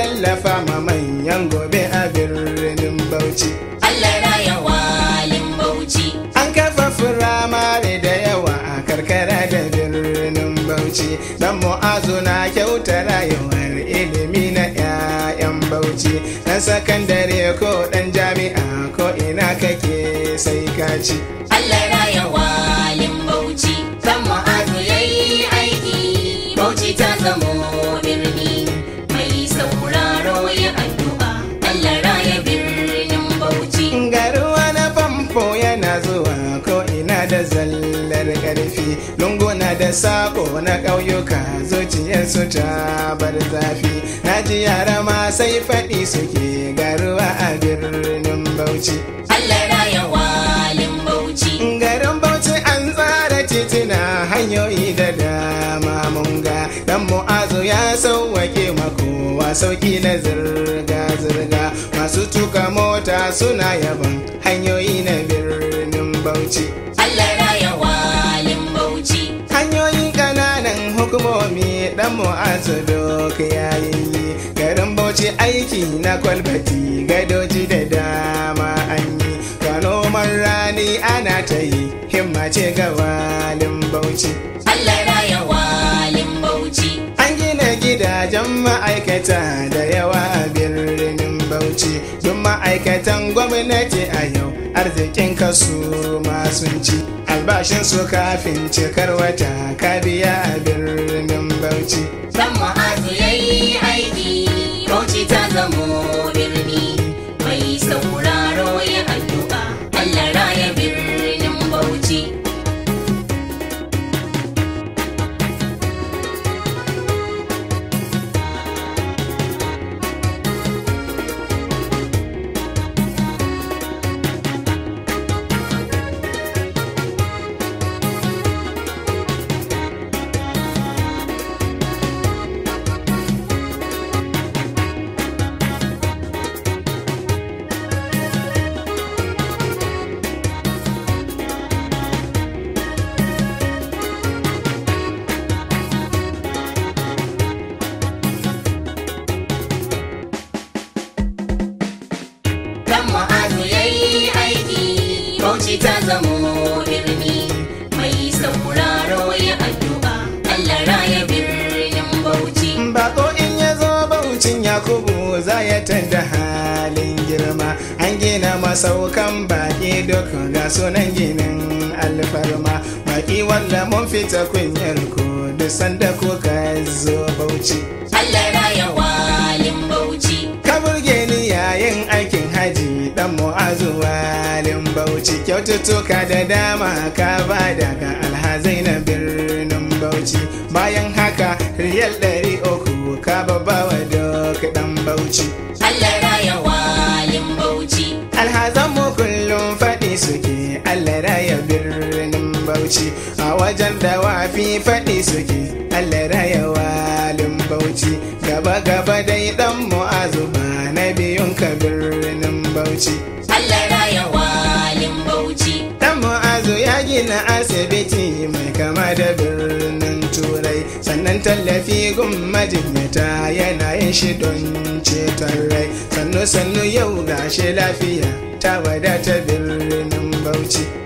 sako na ƙauyuka su ta bar zafi na ji yara ma sai faɗi suke garuwa a birnin bauchi allah raya walin bauchi garin bauchi an tsara titina hanyoyi da dama munga dan mu'azu ya sauwake makowa sauki na zirga-zirga masu tuka mota suna yaban hanyoyi na birnin bauchi dan mu asado yayi garin bauchi aiki na kwalbati gadoji da dama anyi. yi ga noman rani ana ta yi himma ce ga walin bauchi Allah walin bauchi an gina gidajen ma'aikata da yawa a birnin bauchi duk ma'aikatan gwamnati a yau arzikin kasu masu ci albashin su kafin cikar wata ka biya a birnin bauchi. Zan ma'azu yayi aiki, bauchi ta zamo Saukan baki duk ga sunan ginin alfarma baki wanda mun fita kunyar ku duk sanda ka zo bauchi Allah raya walin bauchi ka burge ni yayin aikin haji dan mu'azu walin bauchi kyaututtuka da dama ka ba daga alhazai na birnin bauchi bayan haka riyal ɗari uku ka babawa duk dan bauchi bauchi a wajen da wafi faɗi suke allah raya walin bauchi gaba gaba dai dan mu'azu ba na biyun ka birnin bauchi allah raya bauchi dan mu'azu ya gina asibiti mai kama da birnin turai sannan tallafi gun majinyata yana yin shi don ceton rai sannu sannu yau gashi lafiya ta wadata birnin bauchi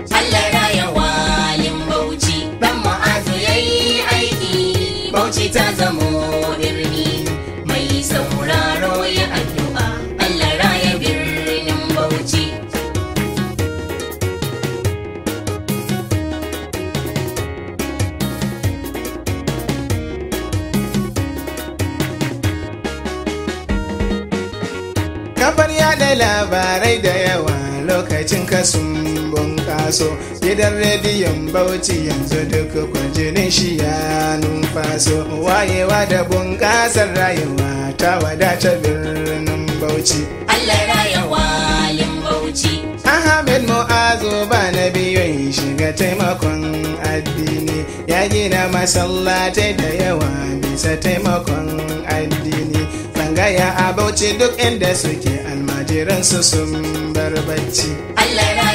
So gidan rediyon bauchi yanzu duk kwarjinin shi ya numfaso wayewa da bunƙasar rayuwa ta wadata birnin bauchi allah rayuwa yin bauchi ahmed mu'azu ba na biyu shiga taimakon addini ya gina masallatai da yawa bisa taimakon addini tsangaya a bauchi duk inda suke almajiransu sun bar bacci allah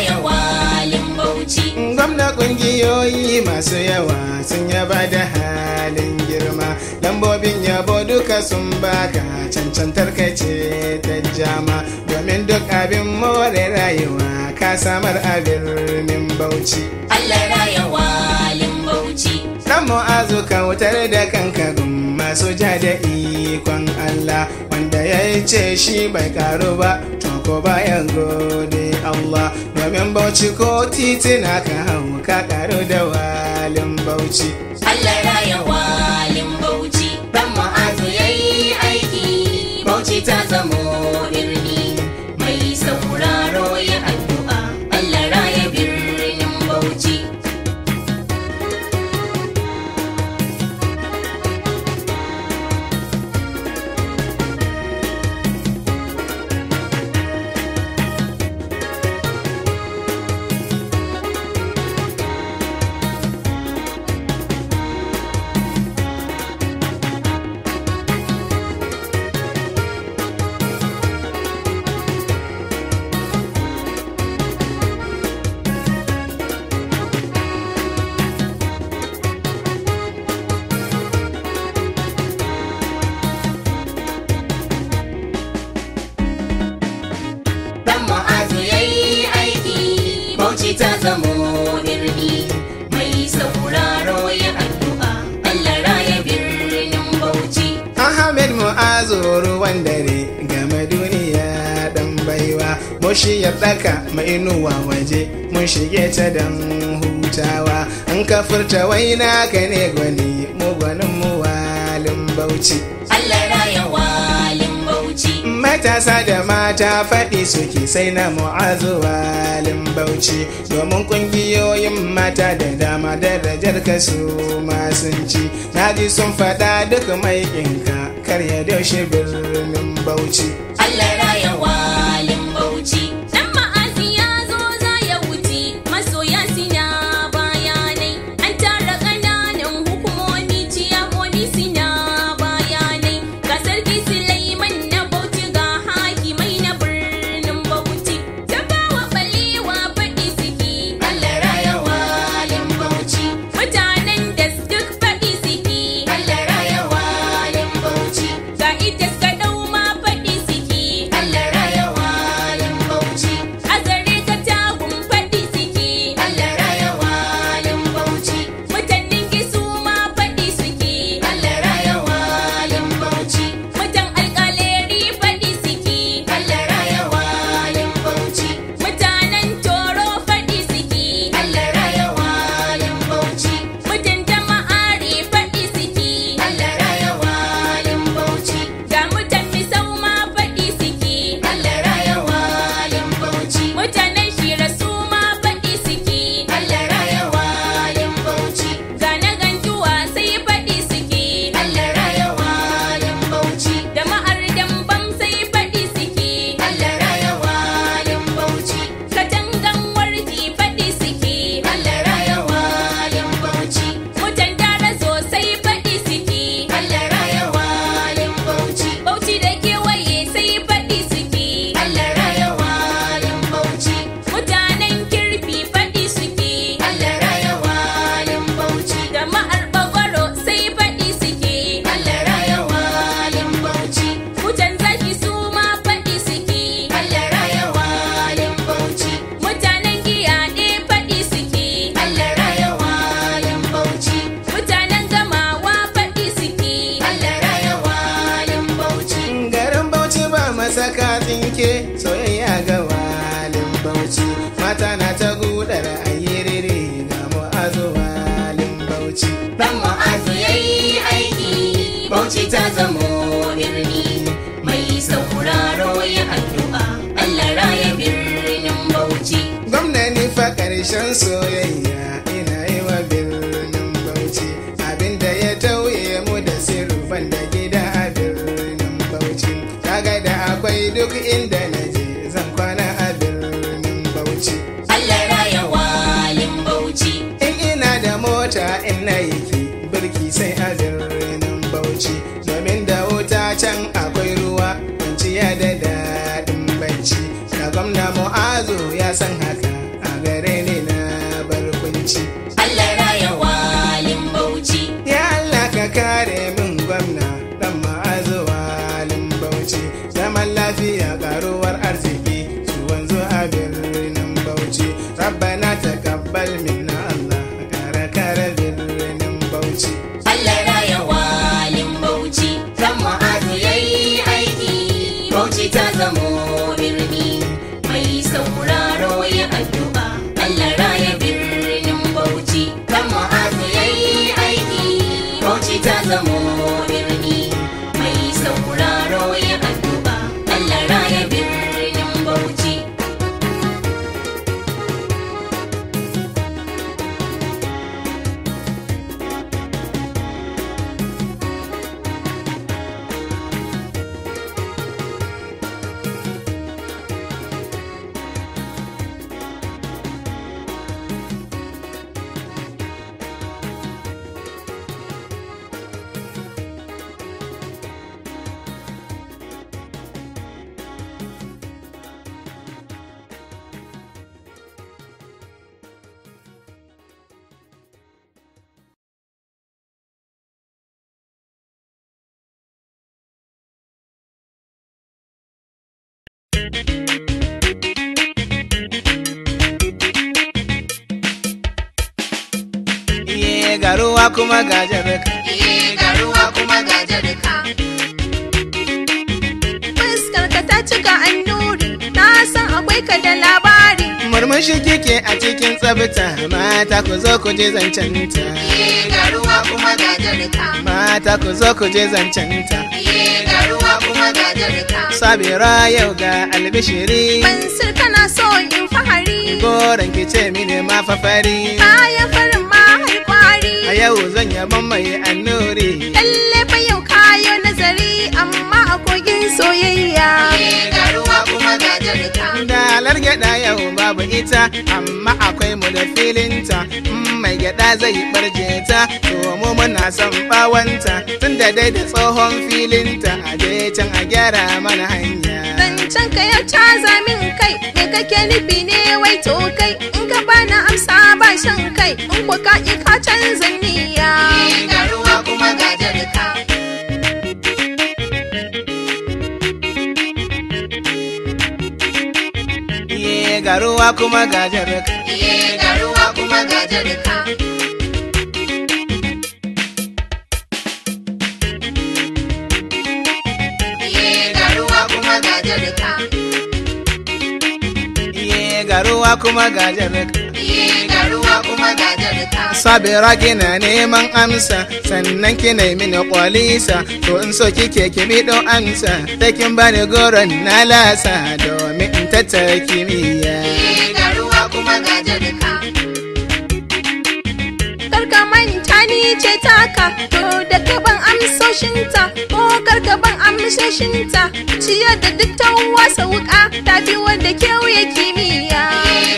kungiyoyi masu yawa sun yaba da halin girma lambobin yabo duka sun baka cancantar kai ce ta jama domin duk abin more rayuwa ka samar abin bauchi Allah rayuwa dan mu'azu ka wutar da kanka gumma masu ja da ikon Allah wanda ya ce shi bai karu ba to ko bayan gode Allah domin bauchi ko titina ka hau ka karu da walin bauchi Allah ya yawa bishiyar tsaka mai nuwa waje mun shige ta dan hutawa an ka furta waina ka ne gwani mu gwanin mu walin bauchi Allah raya walin bauchi matasa da mata faɗi suke sai na mu'azu walin bauchi domin kungiyoyin mata da dama darajar ka su masunci na ji sun faɗa duk mai ƙinka kar ya daushe birnin bauchi Allah raya walin kuma ga ka. Eh, ga ruwa kuma ga ka. fuskar ka ta cika annuri na san akwai ka da labari murmushi kike a cikin tsabta mata ku zo ku je zancanta eh, ga ruwa kuma ga ka. mata ku zo ku je zancanta eh, ga ruwa kuma ga ka. sabira yau ga albishiri ban kana so in fahari goran ki ce mini ma fafari bayan farin a yau zan yaban mai annuri lalle fa yau kayo nazari amma a kogin soyayya ga ruwa kuma ga dalar gyaɗa yau babu ita amma akwai mu da filinta mm, mai gyaɗa zai ɓarje ta domin muna son bawanta tun da dai da tsohon filinta a can a gyara mana hanya zancen ka ya caza min kai me kake nufi ne wai to kai in ka bani amsa shan kai in ku ka ki ka canza niyya ga ruwa kuma ga jarka ga ruwa kuma ga jarka ga ruwa kuma ga jarka Iye ga ruwa kuma ga jarka sabira kina neman amsa sannan kina mini kwalisa to in so kike ki mido amsa ta bani goron na lasa domin in tattara kimiyya ruwa kuma ce taka to da gaban amsoshinta ko kargaban amsoshinta ciye da duk ta wasa wuka ta fi wanda kewaye kimiyya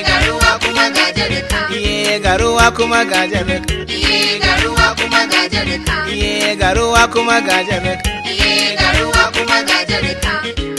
ga ruwa kuma ga jarka iye garuwa ruwa kuma ga jarka iye garuwa ruwa kuma ga jarka iye garuwa ruwa kuma ga jarka iye garuwa ruwa kuma ga jarka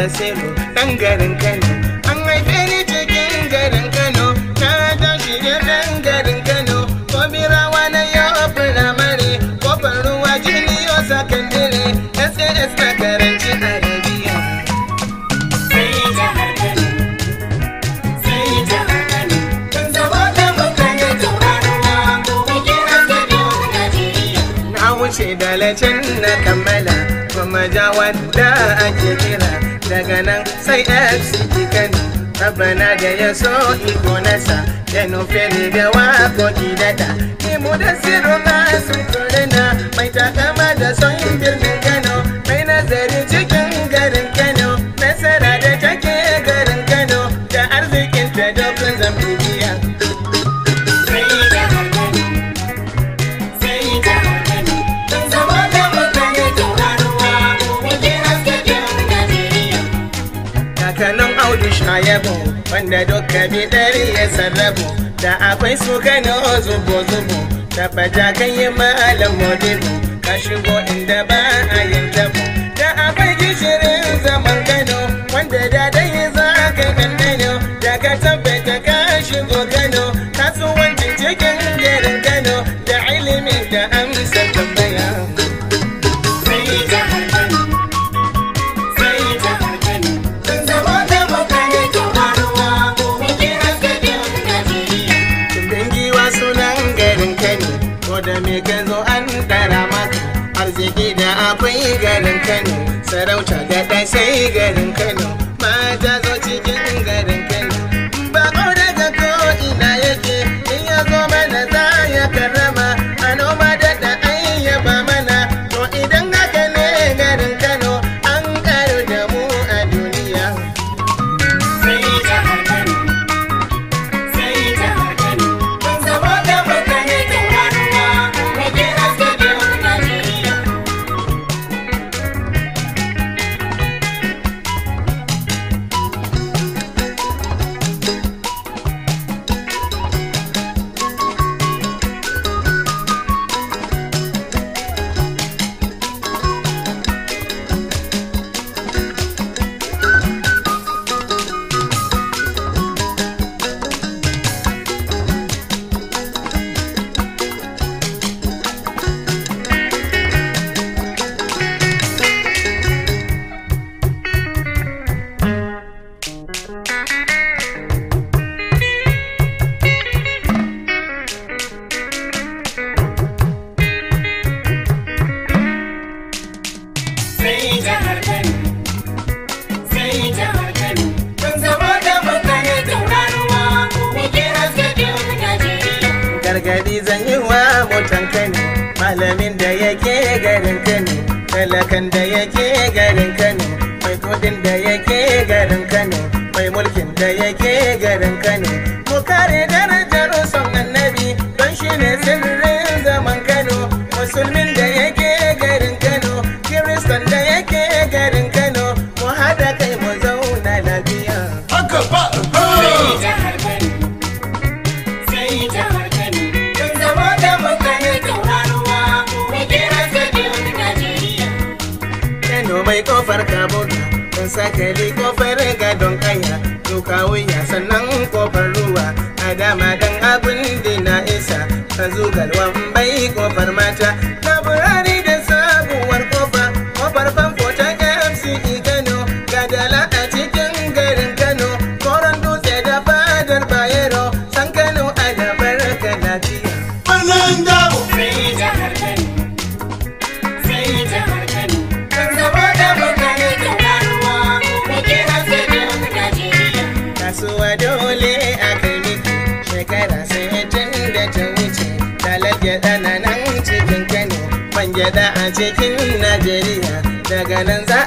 da selo ɗan garin daga nan sai fc kano Rabana da ya so iko nasa da nufin da wako gidata. Ni mu da sirrin masu na mai takama. sallamu da akwai su gano zubo zubo tabbata kan yi malam modibo ka shigo inda ba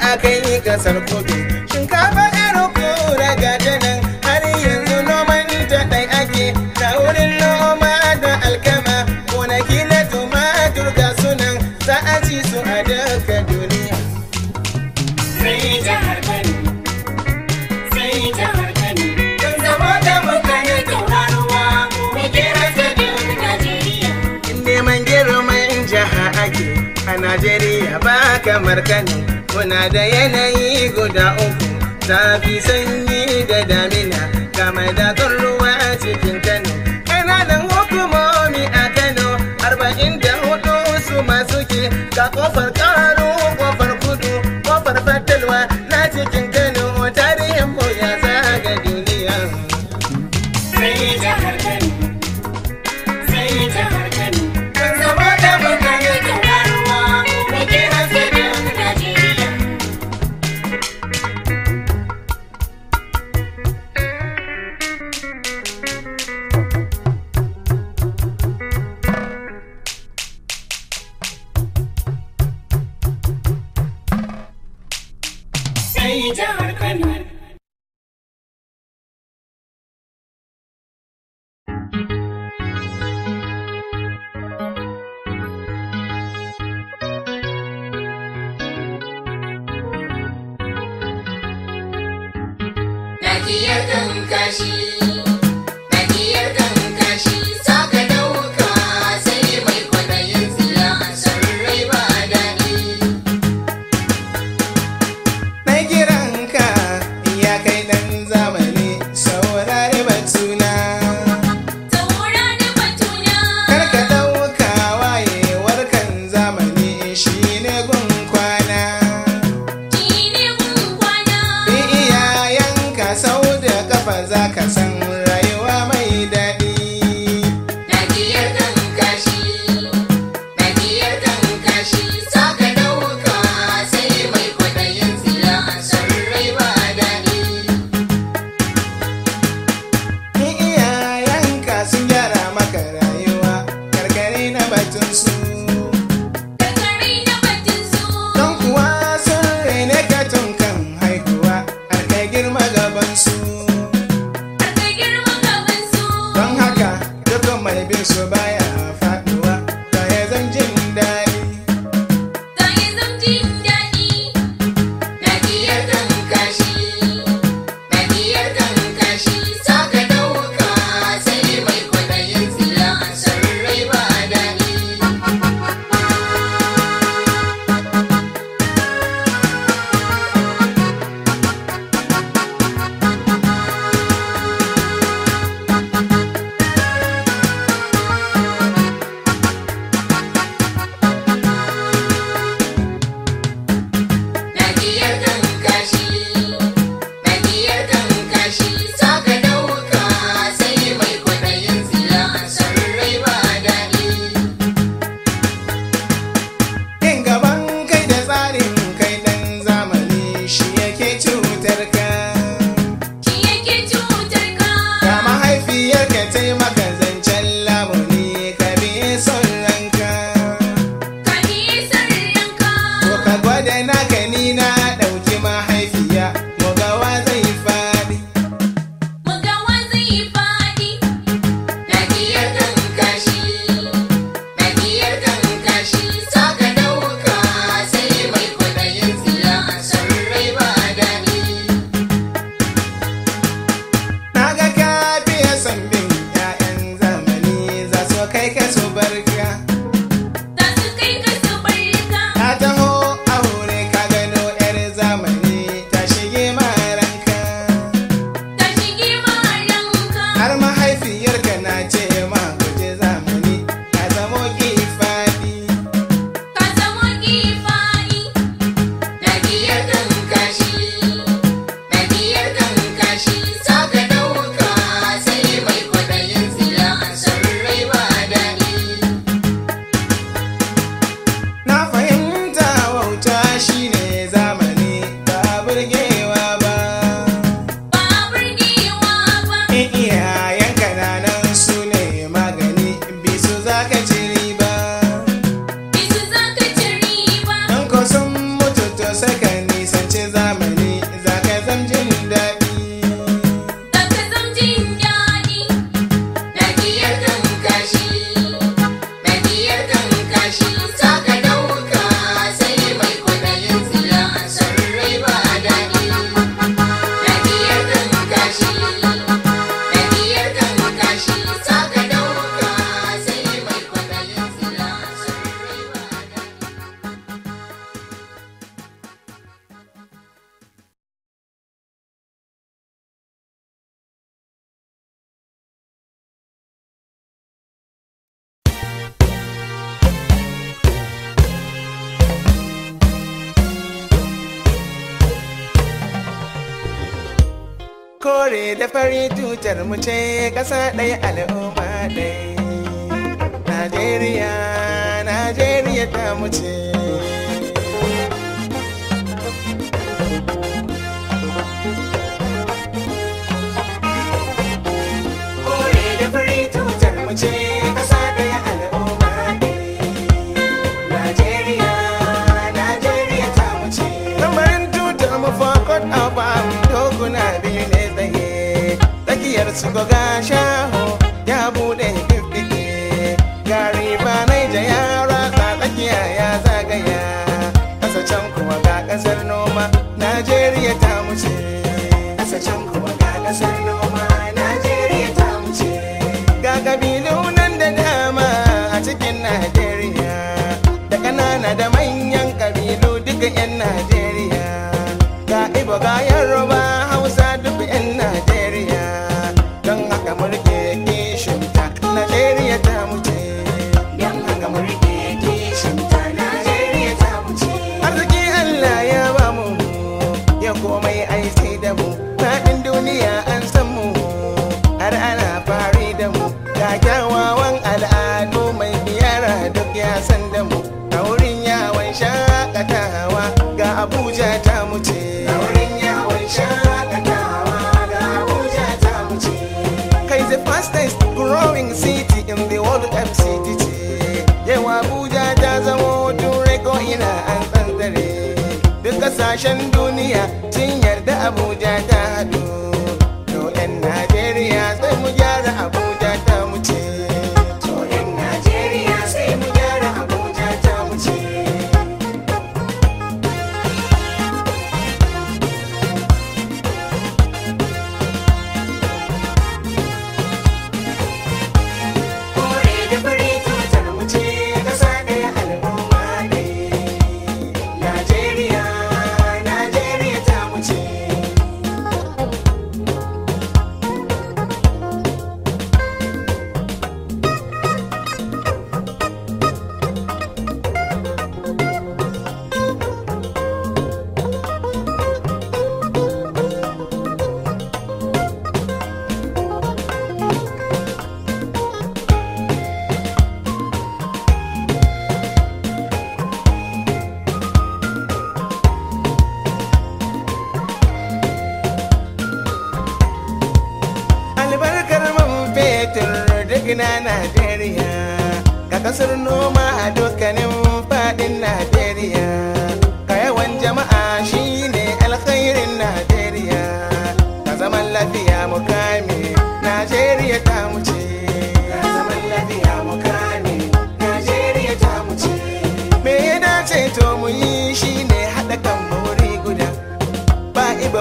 a kai kasar shinkafa yar kura daga nan har yanzu noman ta dai ake ta noma da alkama gonaki na tumatur ga sunan za a ci su a duniya neman girman jiha ake a najeriya ba kamar kano muna da yanayi guda uku tafi sanyi da damina kama da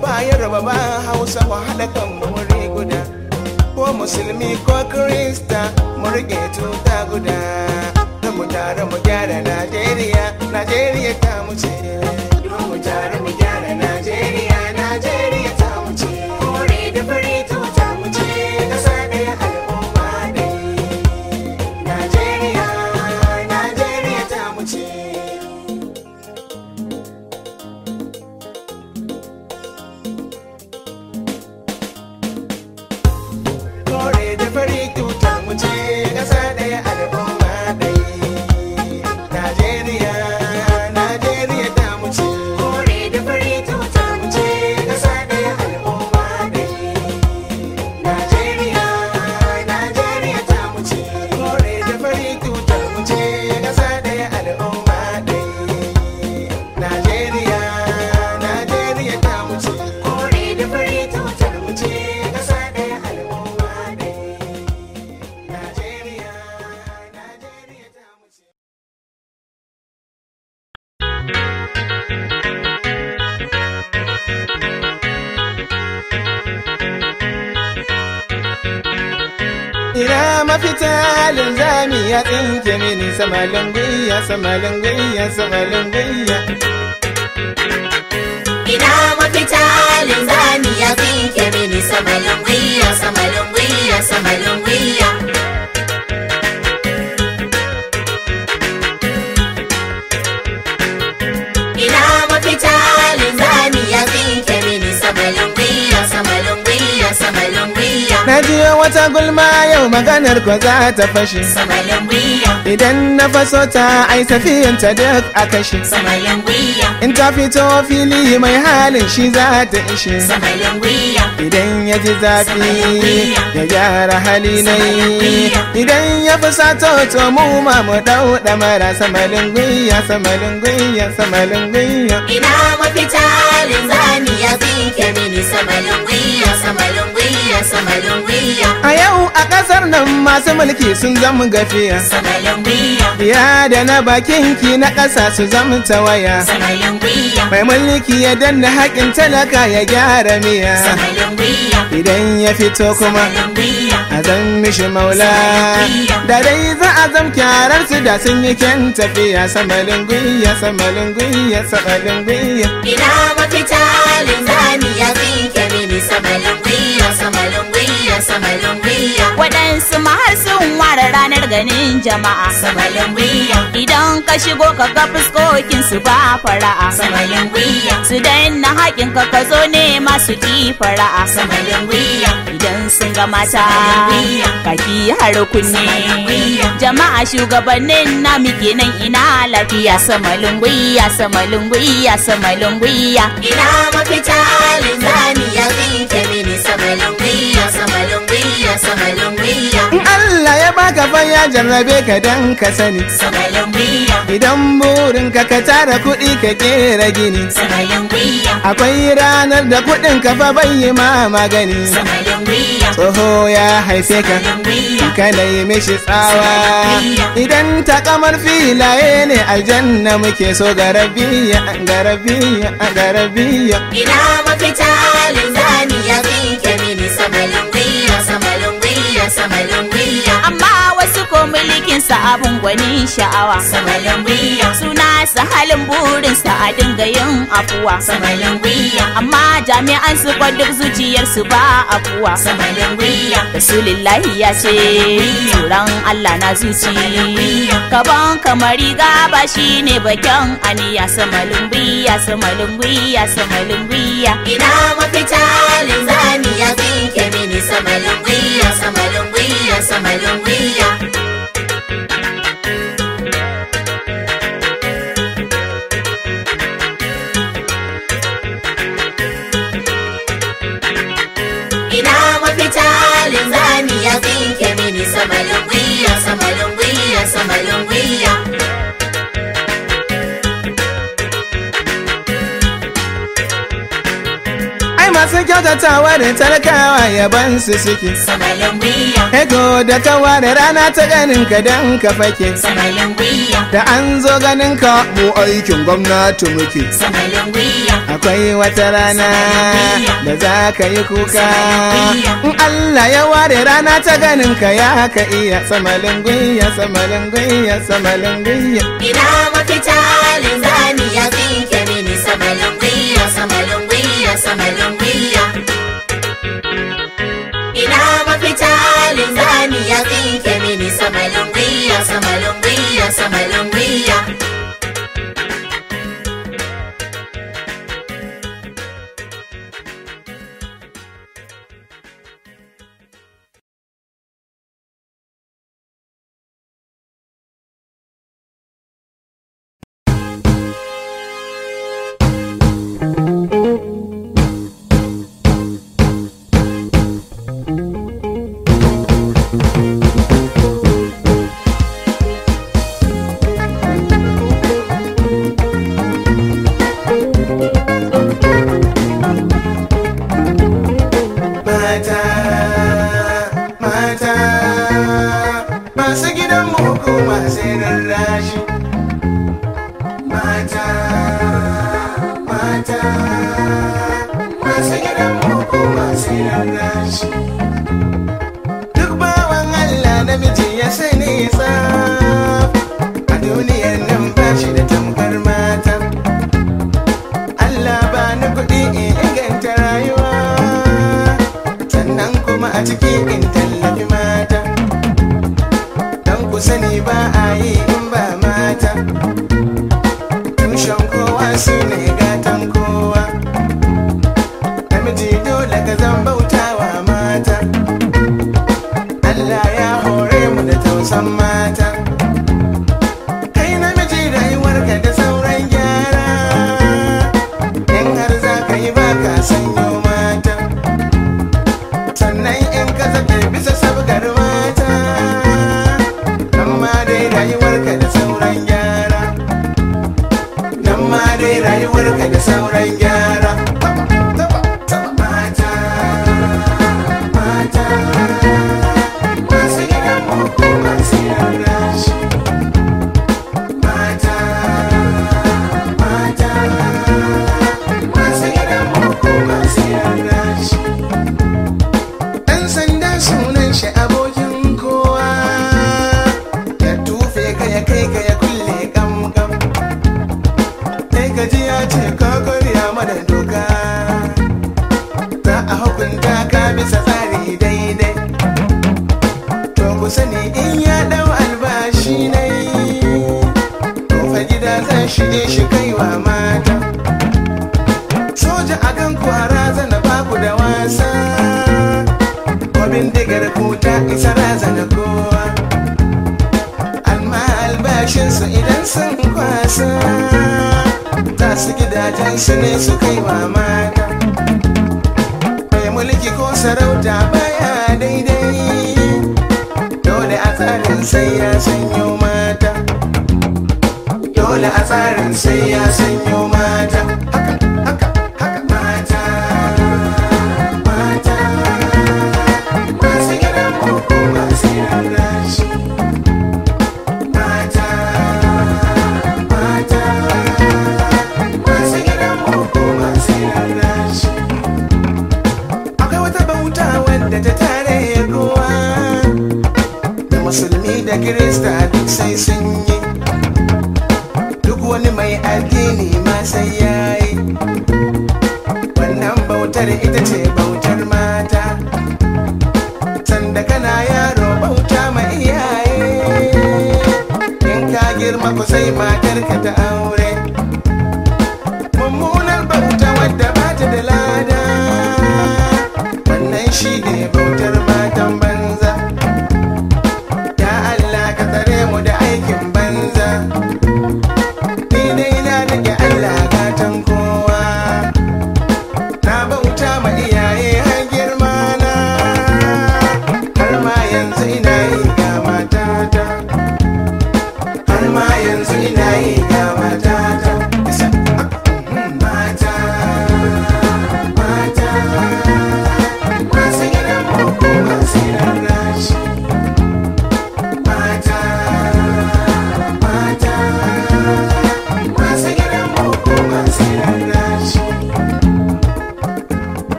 ba raba ba hausa ku haɗa kan muri guda ko musulmi ko krista mu rike tuta guda da mu tare mu gyara najeriya najeriya ta mu ce mu tare mu gyara najeriya ta fashe idan na faso ta ai safiyan ta duk a kashe in ta fito fili mai halin shi za ta ishe idan ya ji zafi ya gyara hali na yi idan ya fi sato to mu ma mu dau damara samalin gwiya samalin gwiya samalin gwiya ina mafita linzami ya bi ke mini samalin gwiya samalin A yau a ƙasar nan masu mulki sun zama gafiya. Ya da na bakinki na ƙasa su zama tawaya. Mai mulki ya danna haƙin talaka ya gyara miya. Idan ya fito kuma a zan mishi maula. Da dai za a zam kyarar su da sun yi kyan tafiya. Samalin gwiya, samalin gwiya, samalin gwiya. Ina mafita linzami ya zinke mini samalin waɗansu ma har sun ware ranar ganin jama'a idan ka shigo ka ga fuskokin su ba fara'a su danna haƙin ka ka zo ne masu ji fara'a idan sun ga mata kaki har kunne jama'a shugabannin na muke nan ina lafiya samalin gwiya samalin gwiya samalin gwiya ina mafita linzami ya zinke In Allah ya baka ya jarrabe ka dan ka sani. Idan burin ka ka tara kuɗi ka kera gini. Akwai ranar da kuɗin ka fa bai ma magani. Tsoho ya haife ka, ka nemi mishi tsawa. Idan ta kamar filaye ne aljanna muke so garabiya, garabiya, garabiya. Ina mafita linzami ya fi sa abun gwanin sha'awa samalin wiya suna su halin burinsa a dinga yin afuwa samalin wiya amma jami'an su duk su ba afuwa samalin wiya rasulillahi ya ce turan allah na zuci kaban riga ba shi ne bakin aniya samalin wiya samalin wiya samalin wiya ina mafita linzami ya zinke mini samalin wiya masu ta wani talakawa yaban su suke ego da tawa da rana ta ganin ka dan ka fake da an zo ganin ka mu aikin gwamnati muke akwai wata rana da za ka yi kuka in Allah ya ware rana ta ganin ka ya ka iya samalin gwiya samalin gwiya samalin gwiya ina talin linzani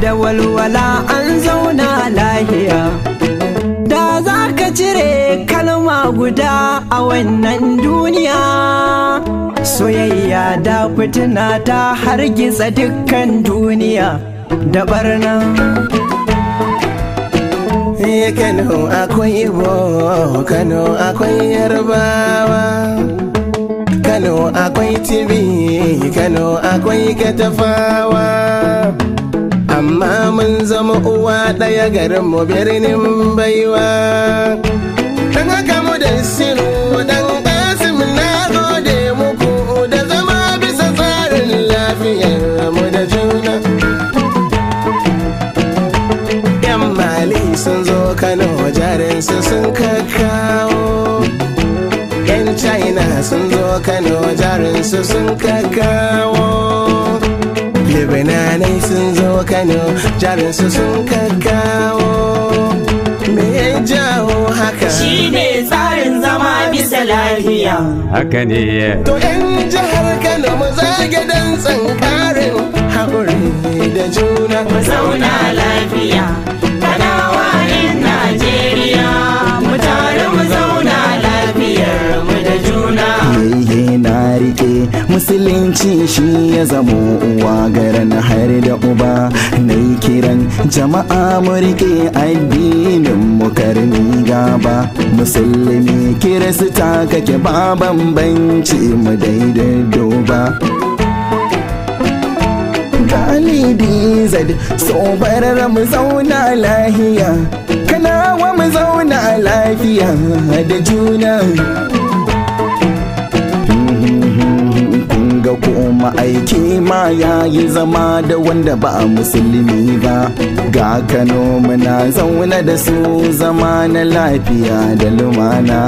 da walwala an zauna lahiya da za ka cire kalma guda a wannan duniya soyayya da fitina ta hargitsa dukkan duniya da barna Kano akwai Ibo, Kano akwai Yarbawa. Kano akwai tibi Kano akwai katafawa amma mun zama uwa ɗaya garin mu birnin baiwa dan haka mu da sinu dan kasim na gode muku da zama bisa tsarin lafiya. mu da juna yan mali sun zo kano jarinsu sun kakawo yan china sun zo kano jarinsu sun kakawo libananai sun kawo kano jarinsu sun kakkawo me ya jawo haka shine tsarin zama bisa lafiya haka ne to yan jihar kano mu zage dan tsankarin haƙuri da juna mu zauna lafiya ci shi ya zamo uwa garan har da uba na kiran jama'a mu rike addinin mu karni gaba musulmi kirista kake ba bambanci mu daidai doba Galidi zad sobarar mu zauna lahiya kanawa mu zauna lafiya da juna ma'aiki ma ya yi zama da wanda ba a musulmi ba ga kano muna zauna da su zama na lafiya da lumana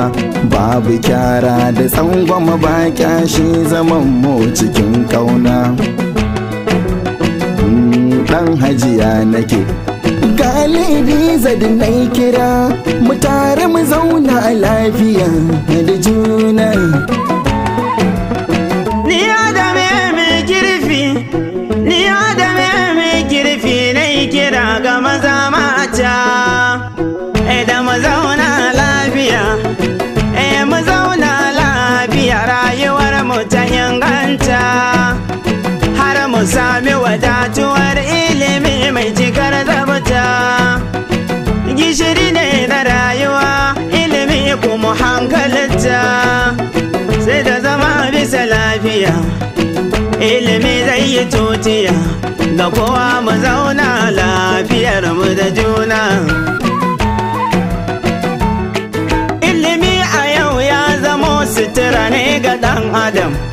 babu kyara da tsangwama ba kyashi zaman mu cikin kauna dan mm, hajiya nake galibi zadin na kira mu tare mu zauna a lafiya da juna sami wadatuwar ilimi mai cikar zabuta gishiri ne na rayuwa ilimi kuma hankalinta sai da zama bisa lafiya ilimi zai yi tutiya ga kowa mu zauna lafiyar mu da juna Ilimi a yau ya zamo sitira ne ga ɗan adam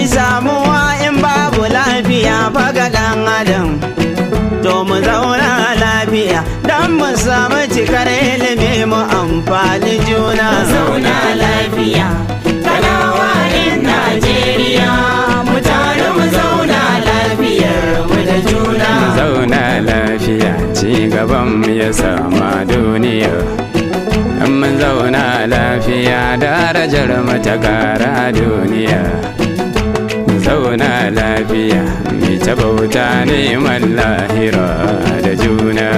akwai samuwa in babu lafiya faga ɗan adam to mu zauna lafiya don mu samu cikar ilimi mu amfani juna zauna lafiya kanawa in najeriya mu zauna lafiyar mu da juna zauna lafiya ci gaban mu ya sama duniya in mun zauna lafiya darajar mu ta kara duniya lafiya mai tabauta neman lahira da juna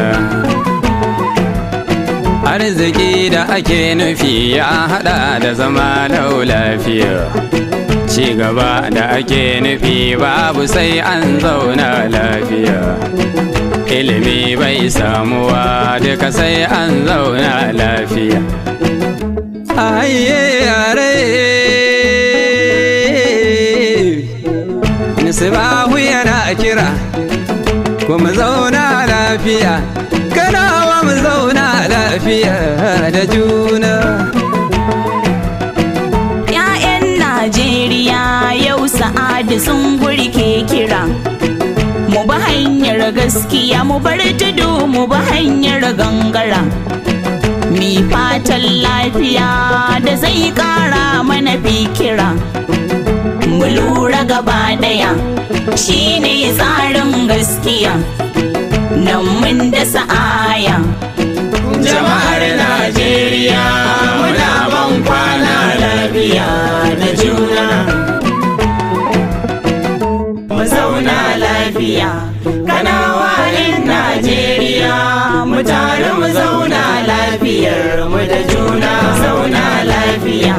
arziki da ake nufi ya hada da zama lau lafiya ci gaba da ake nufi babu sai an zauna lafiya ilimi bai samuwa duka sai an zauna lafiya aye Misbahu yana kira ku mu zauna lafiya kanawa mu zauna lafiya da juna Ya'yan Najeriya yau sa'adu sun ke kira mu ba hanyar gaskiya mu bar tudu mu ba hanyar gangara mi fatan lafiya da zai kara mana fikira mu lura gaba Shi ne tsarin gaskiya nan mun da sa'aya jama'ar najeriya muna ban kwana lafiya da juna mu zauna lafiya kanawarin najeriya mu tare mu zauna lafiyar mu da juna zauna lafiya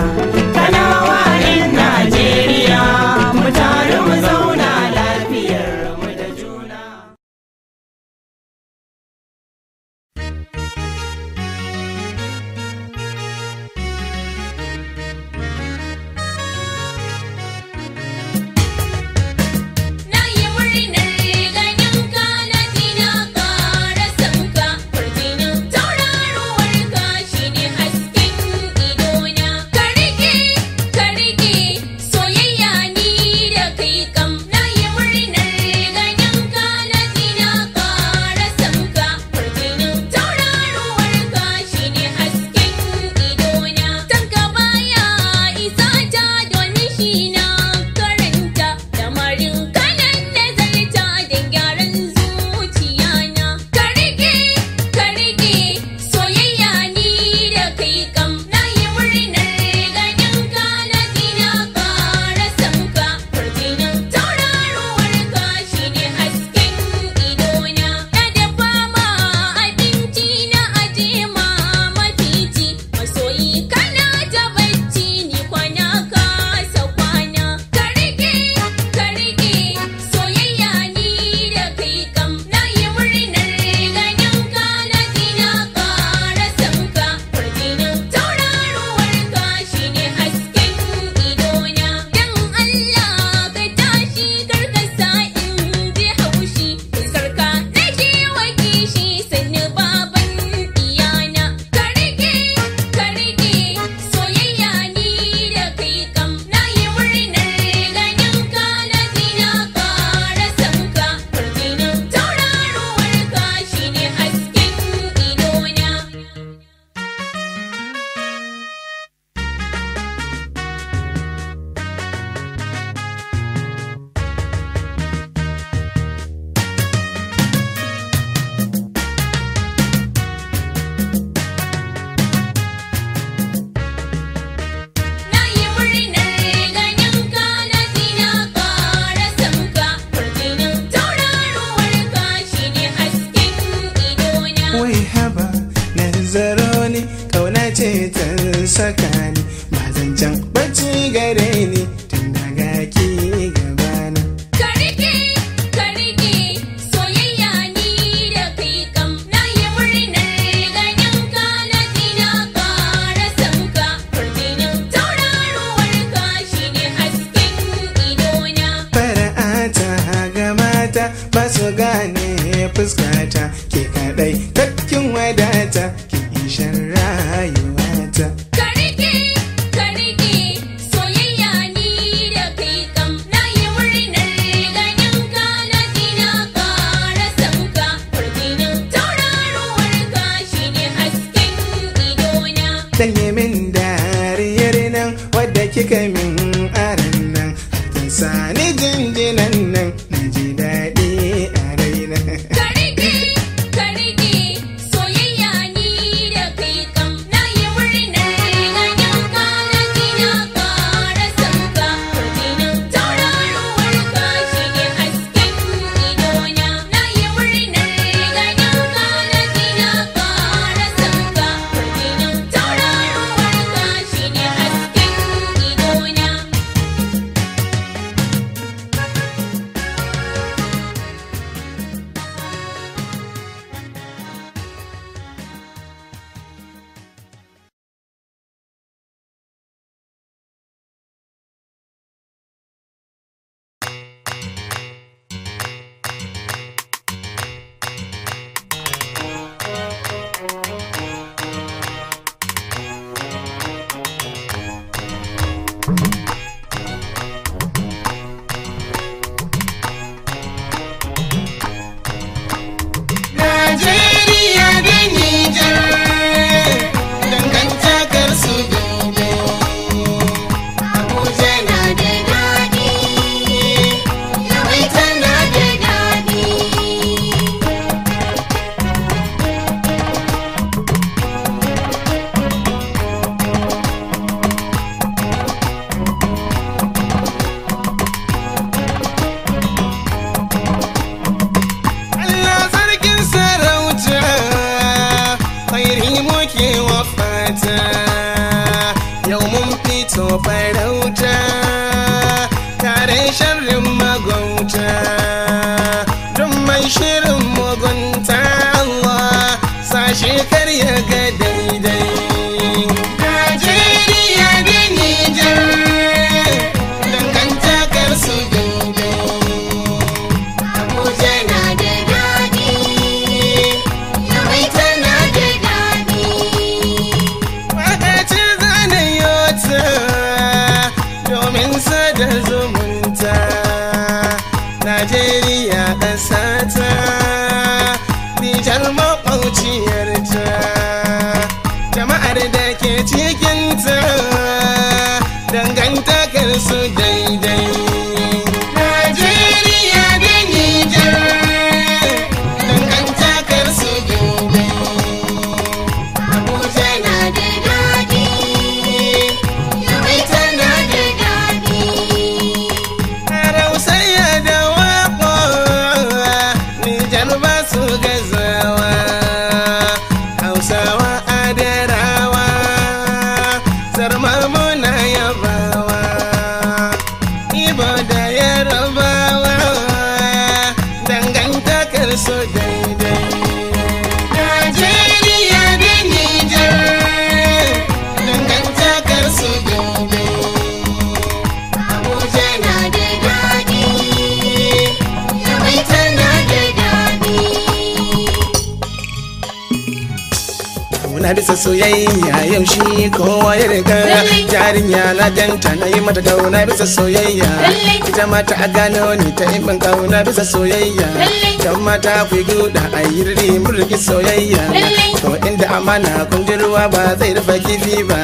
mana kundin ruwa ba zai rufa kifi ba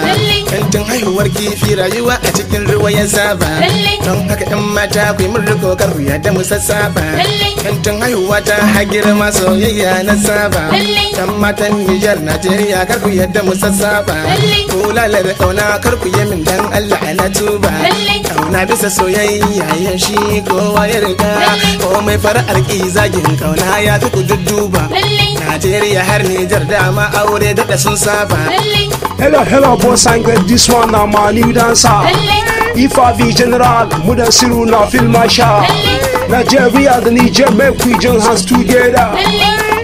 kantin haihuwar kifi rayuwa a cikin ruwa ya saba don haka yan mata ku yi mun riko ruya da mu sassaba kantin haihuwa ta hagira masu yayya na saba kan matan nijar najeriya kar ku yadda mu sassaba ko lalar kauna kar ku yi min dan allah na tuba kauna bisa soyayya yan shi kowa ya riga komai fara arki zagin kauna ya fi ku dudduba Nigeria har Nijar dama aure da sun saba. Hello, hello, boss, I get this one now my new dancer. If I be general, mudan siru na film sha. Nigeria the Niger make we join hands together.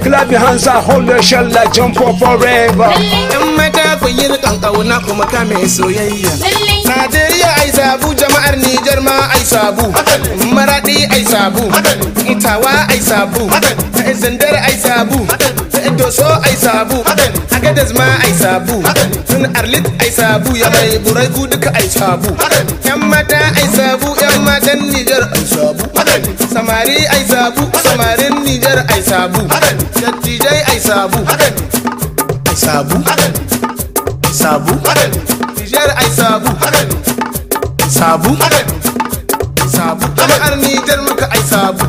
Clap your hands and hold your shell like jump for forever. Yan mata ku yi rikan kauna kuma ka mai soyayya. Nigeria ai sabu jama'ar Niger ma ai sabu. Maradi ai sabu. Itawa ai sabu. Zandar ai sabu. doso ay sabu des ma ay sabu sun arlit ay sabu ya mai buray ku duka ay sabu yan mata ay sabu yan matan nijar ay sabu samari ay sabu samarin nijar ay sabu jay ay sabu ay sabu ay sabu nijar ay sabu sabu sabu jama'ar nijar muka ay sabu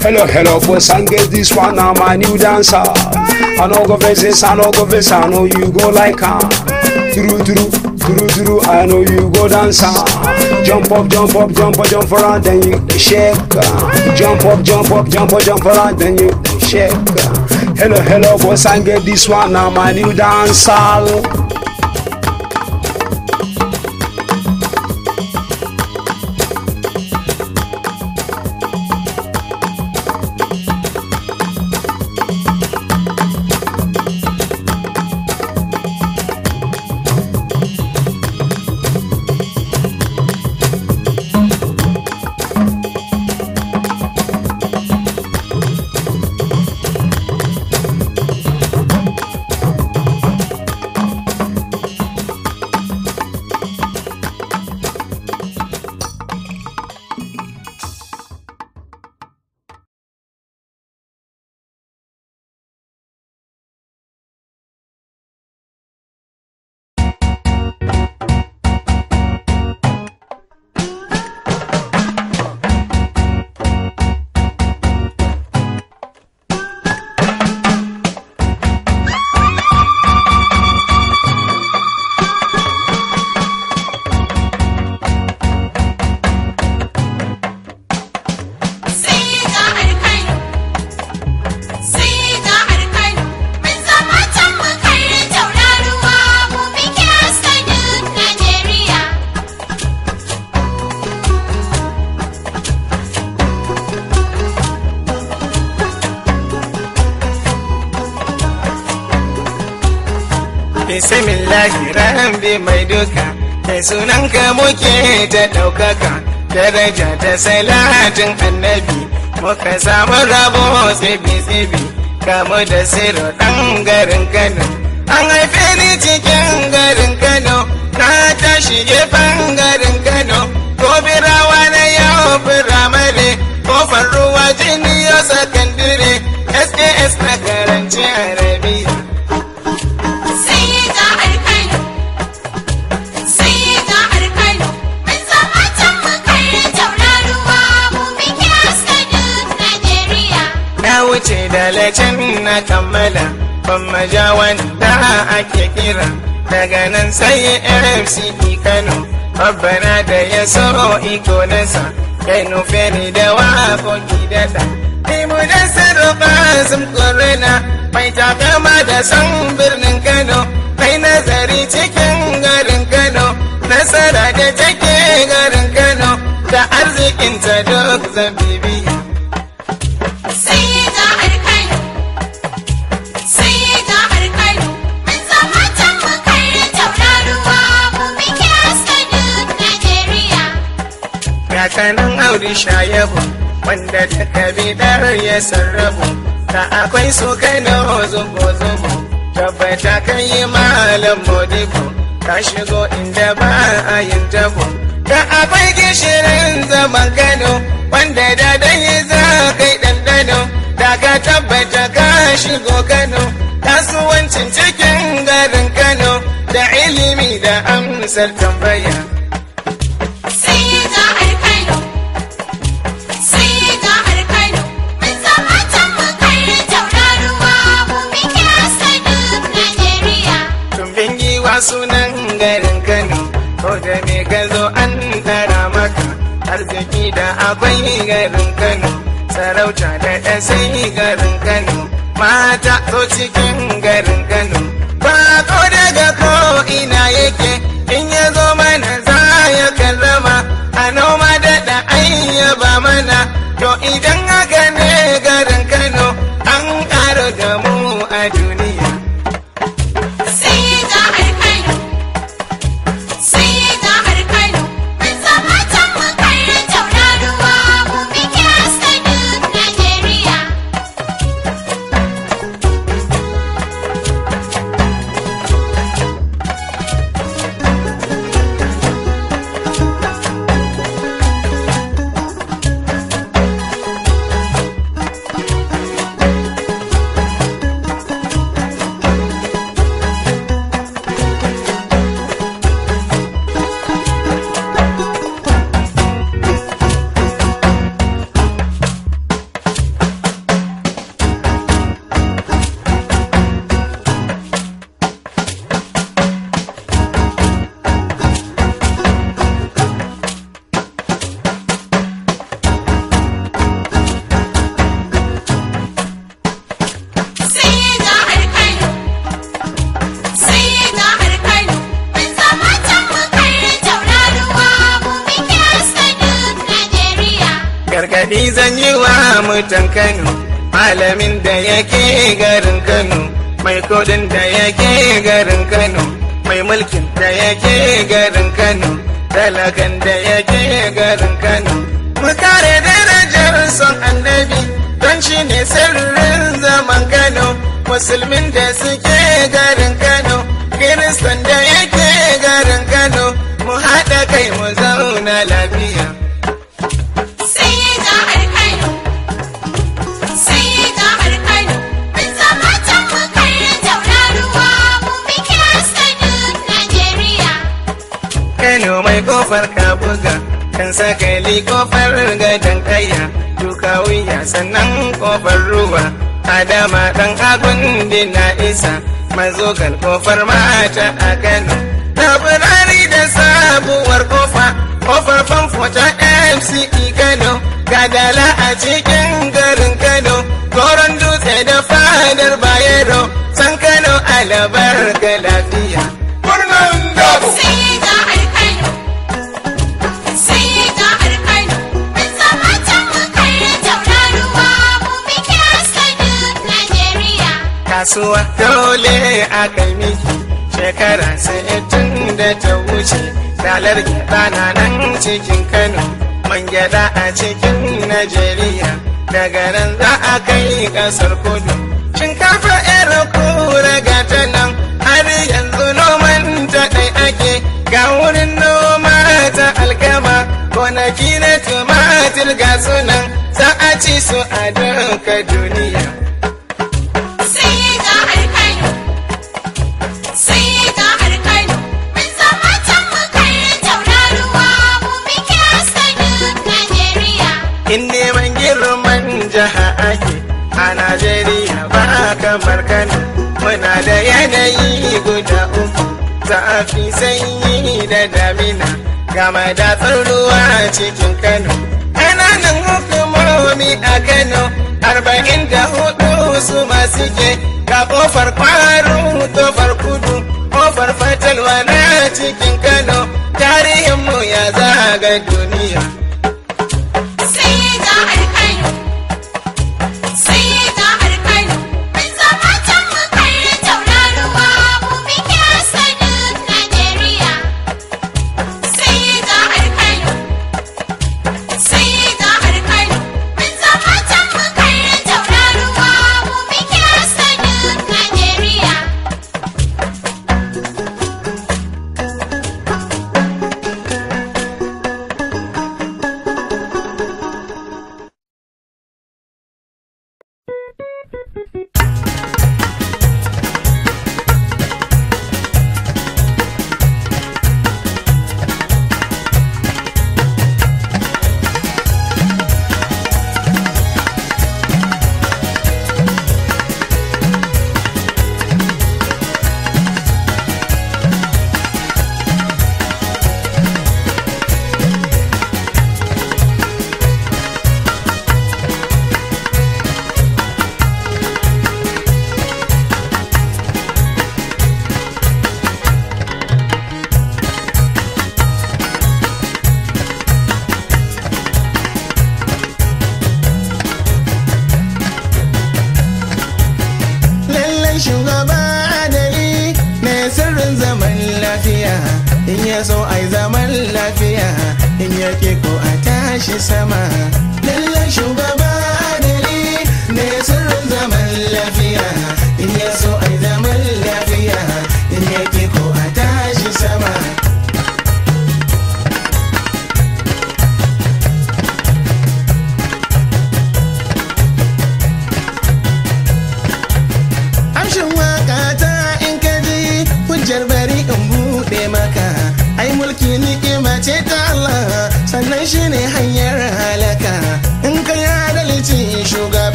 Hello, hello, boys, and girls, this one, I'm a new dancer. I know go vex this, I know go vex, I know you go like ah. Through, through, through, through, I know you go dancer. Ah. Jump up, jump up, jump up, jump around, then you shake. Ah. Jump up, jump up, jump up, jump around, then you shake. Ah. Hello, hello, boss, I get this one now, my new dancer. da ɗaukaka daraja da salatin annabi muka samu rabo tsibi-tsibi kamu da siro ɗan garin kano an haife ni cikin garin kano na ta shige garin kano ko birawa na yau firamare ko ruwa jini yau sakandire sks na karanci a da na kammala ban maja wanda ake kira daga nan sai rfc e kano babbana da ya so iko nasa kai nufeni da wako gidata Ibu da sarrafa sun korona mai takama da san birnin Kano kai nazari cikin garin Kano nasara da take garin Kano da arzikinta duk zabibi kanan auri shayabu wanda ta kabi darar ya sarrafu ta akwai su kai na zubo-zubo tabbata kan yi malam modibo ta shigo inda ba a yin tabo ta akwai gishirin zaman gano wanda da dai za kai dandano, da ka tabbata ka shigo kano kasuwancin cikin garin kano da ilimi da amsar tambaya arziki da akwai garin Kano sarauta da ɗasai garin Kano mata zo cikin garin Kano ba ko daga ko ina yake in ya zo mana za ya kallama a noma da da ayyaba mana to idan aka nan za a kai kasar kudu ga da ruwa a cikin Kano. Ƙananan hukumomi a Kano, arba'in da hudu su masu ke ga ƙofar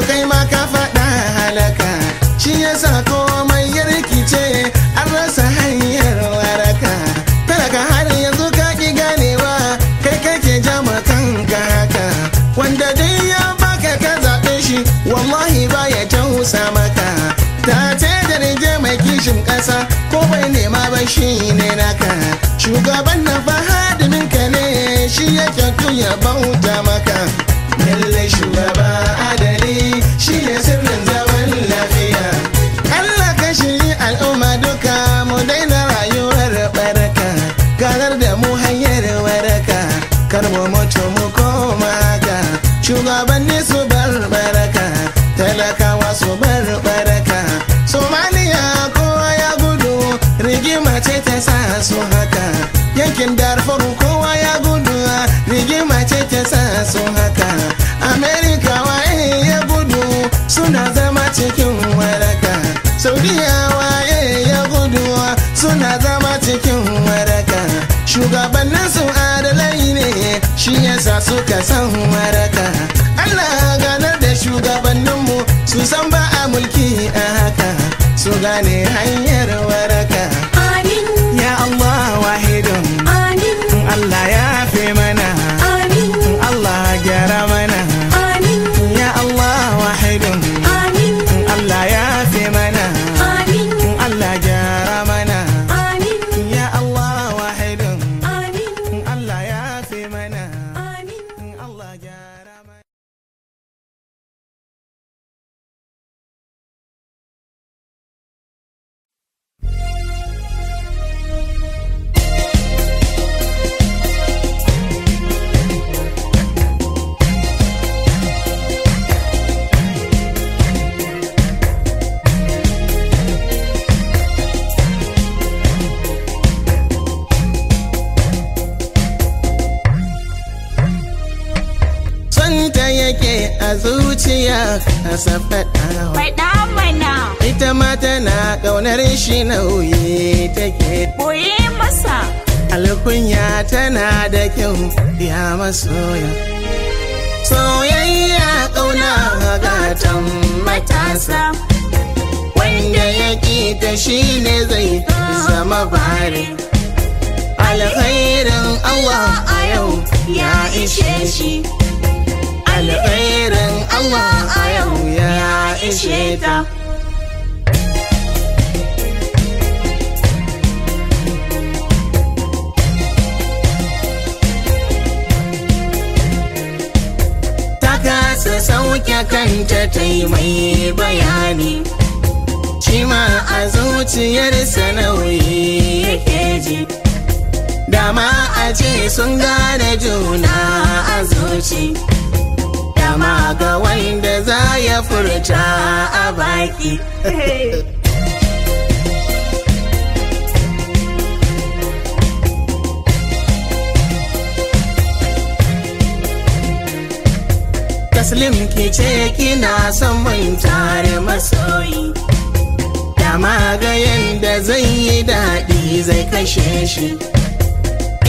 to kai ma ka faɗa halaka shi yasa komai ya rikice an rasa hanyar waraka talaka har yanzu ka ki ganewa kai kake jama kanka haka wanda dai ya baka ka zaɓe shi wallahi can tausa maka ta ce darje mai kishin ƙasa ko bai nema ba shi ne naka shugaban na fahadimin ka ne shi ya tun ya bauta maka rigima ce ta sa su haka yankin darfur kowa ya gudu rigima ce ta sa su haka amerika waye ya gudu suna zama cikin waraka saudiya waye ya guduwa suna zama cikin waraka shugabannin su adalai ne shi yasa suka san waraka allah ganar da shugabanninmu su san ba a mulki a haka su gane hanyar waraka liar. ishe shi alkhairin Allah a yau ya ishe ta kasa sauke kanta ta yi mai bayani cima a zuciyarsa nauyi yake ji dama a ce sun gane juna a zuci dama ga wanda za ya furta a baki (laughs) taslim ke ce kina son mun tare masoyi dama ga yanda zai yi daɗi zai kashe shi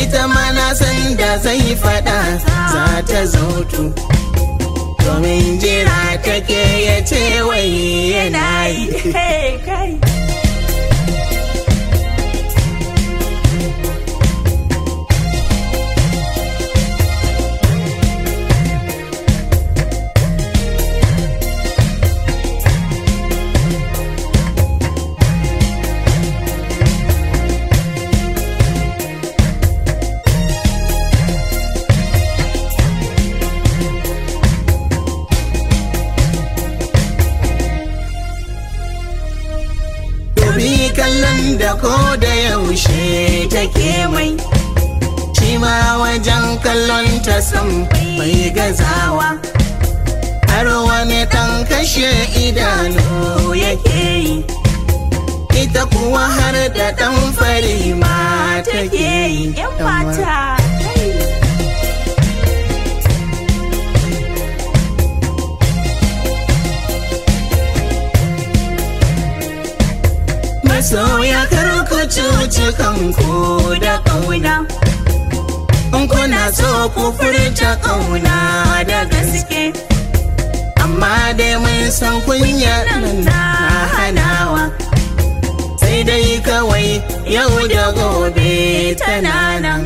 ita mana san zai fada za ta zautu domin jira take ya ce wai yana yi ko da yaushe take mai shi ma wajen kallon ta san mai gazawa har wani ɗan kashe idanu yake yi ita kuwa har da ɗan fari ma take yi cuci kanku da kauna kuna so ku furta kauna da gaske amma dai mun san kunya na hanawa sai dai kawai yau da gobe tana nan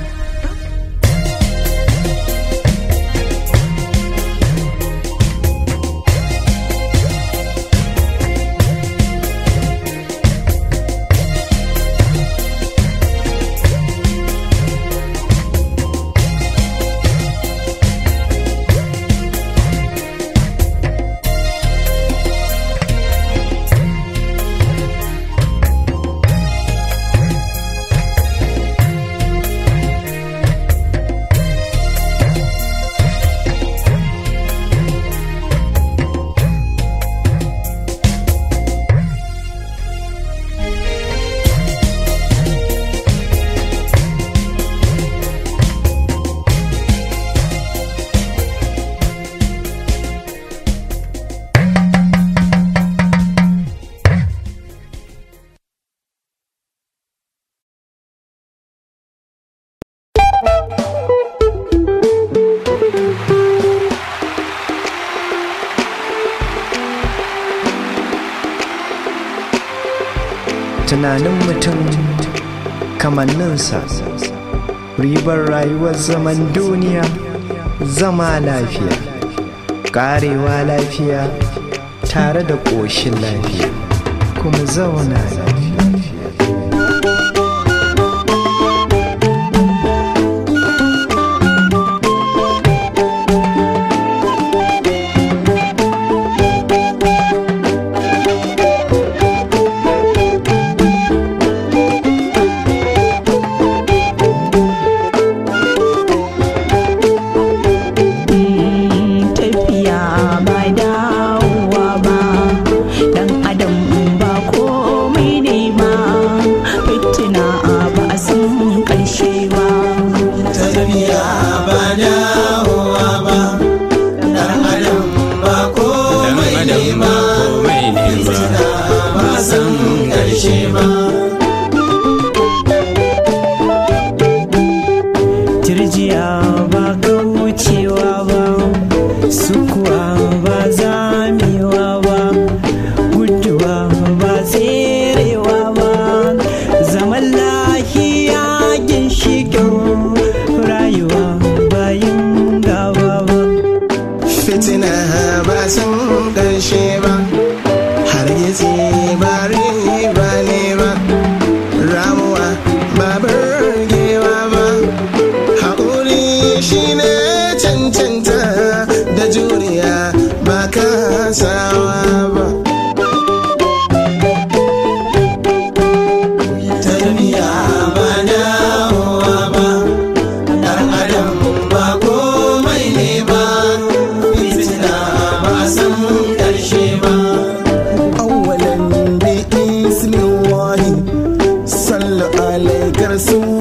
kamanninsa ribar rayuwar zaman duniya zama lafiya karewa lafiya tare da ƙoshin lafiya kuma zauna coração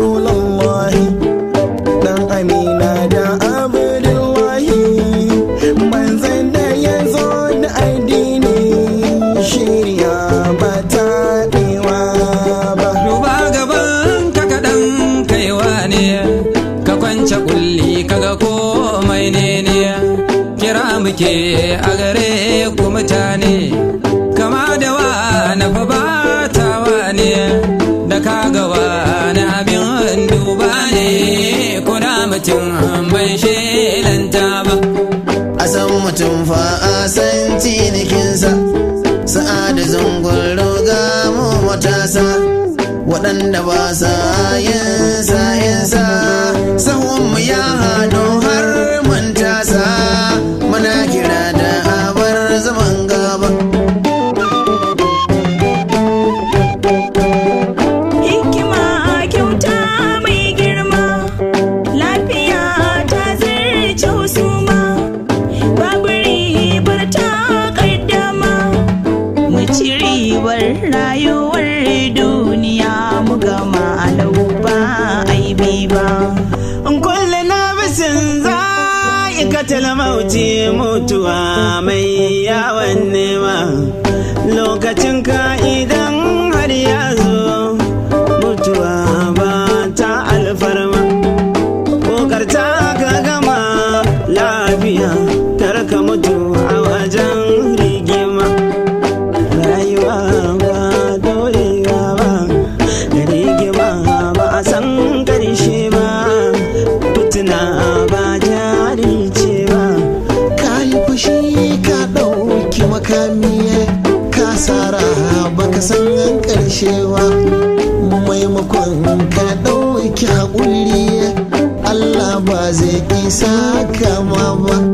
waɗanda ba sa yin sa yin sa mu ya hado har kisa ma wa.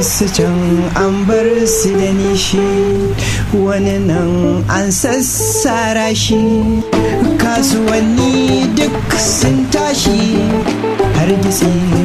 wasu can an bar su da nishi wani nan an sassara shi kasuwanni duk sun tashi har gitsi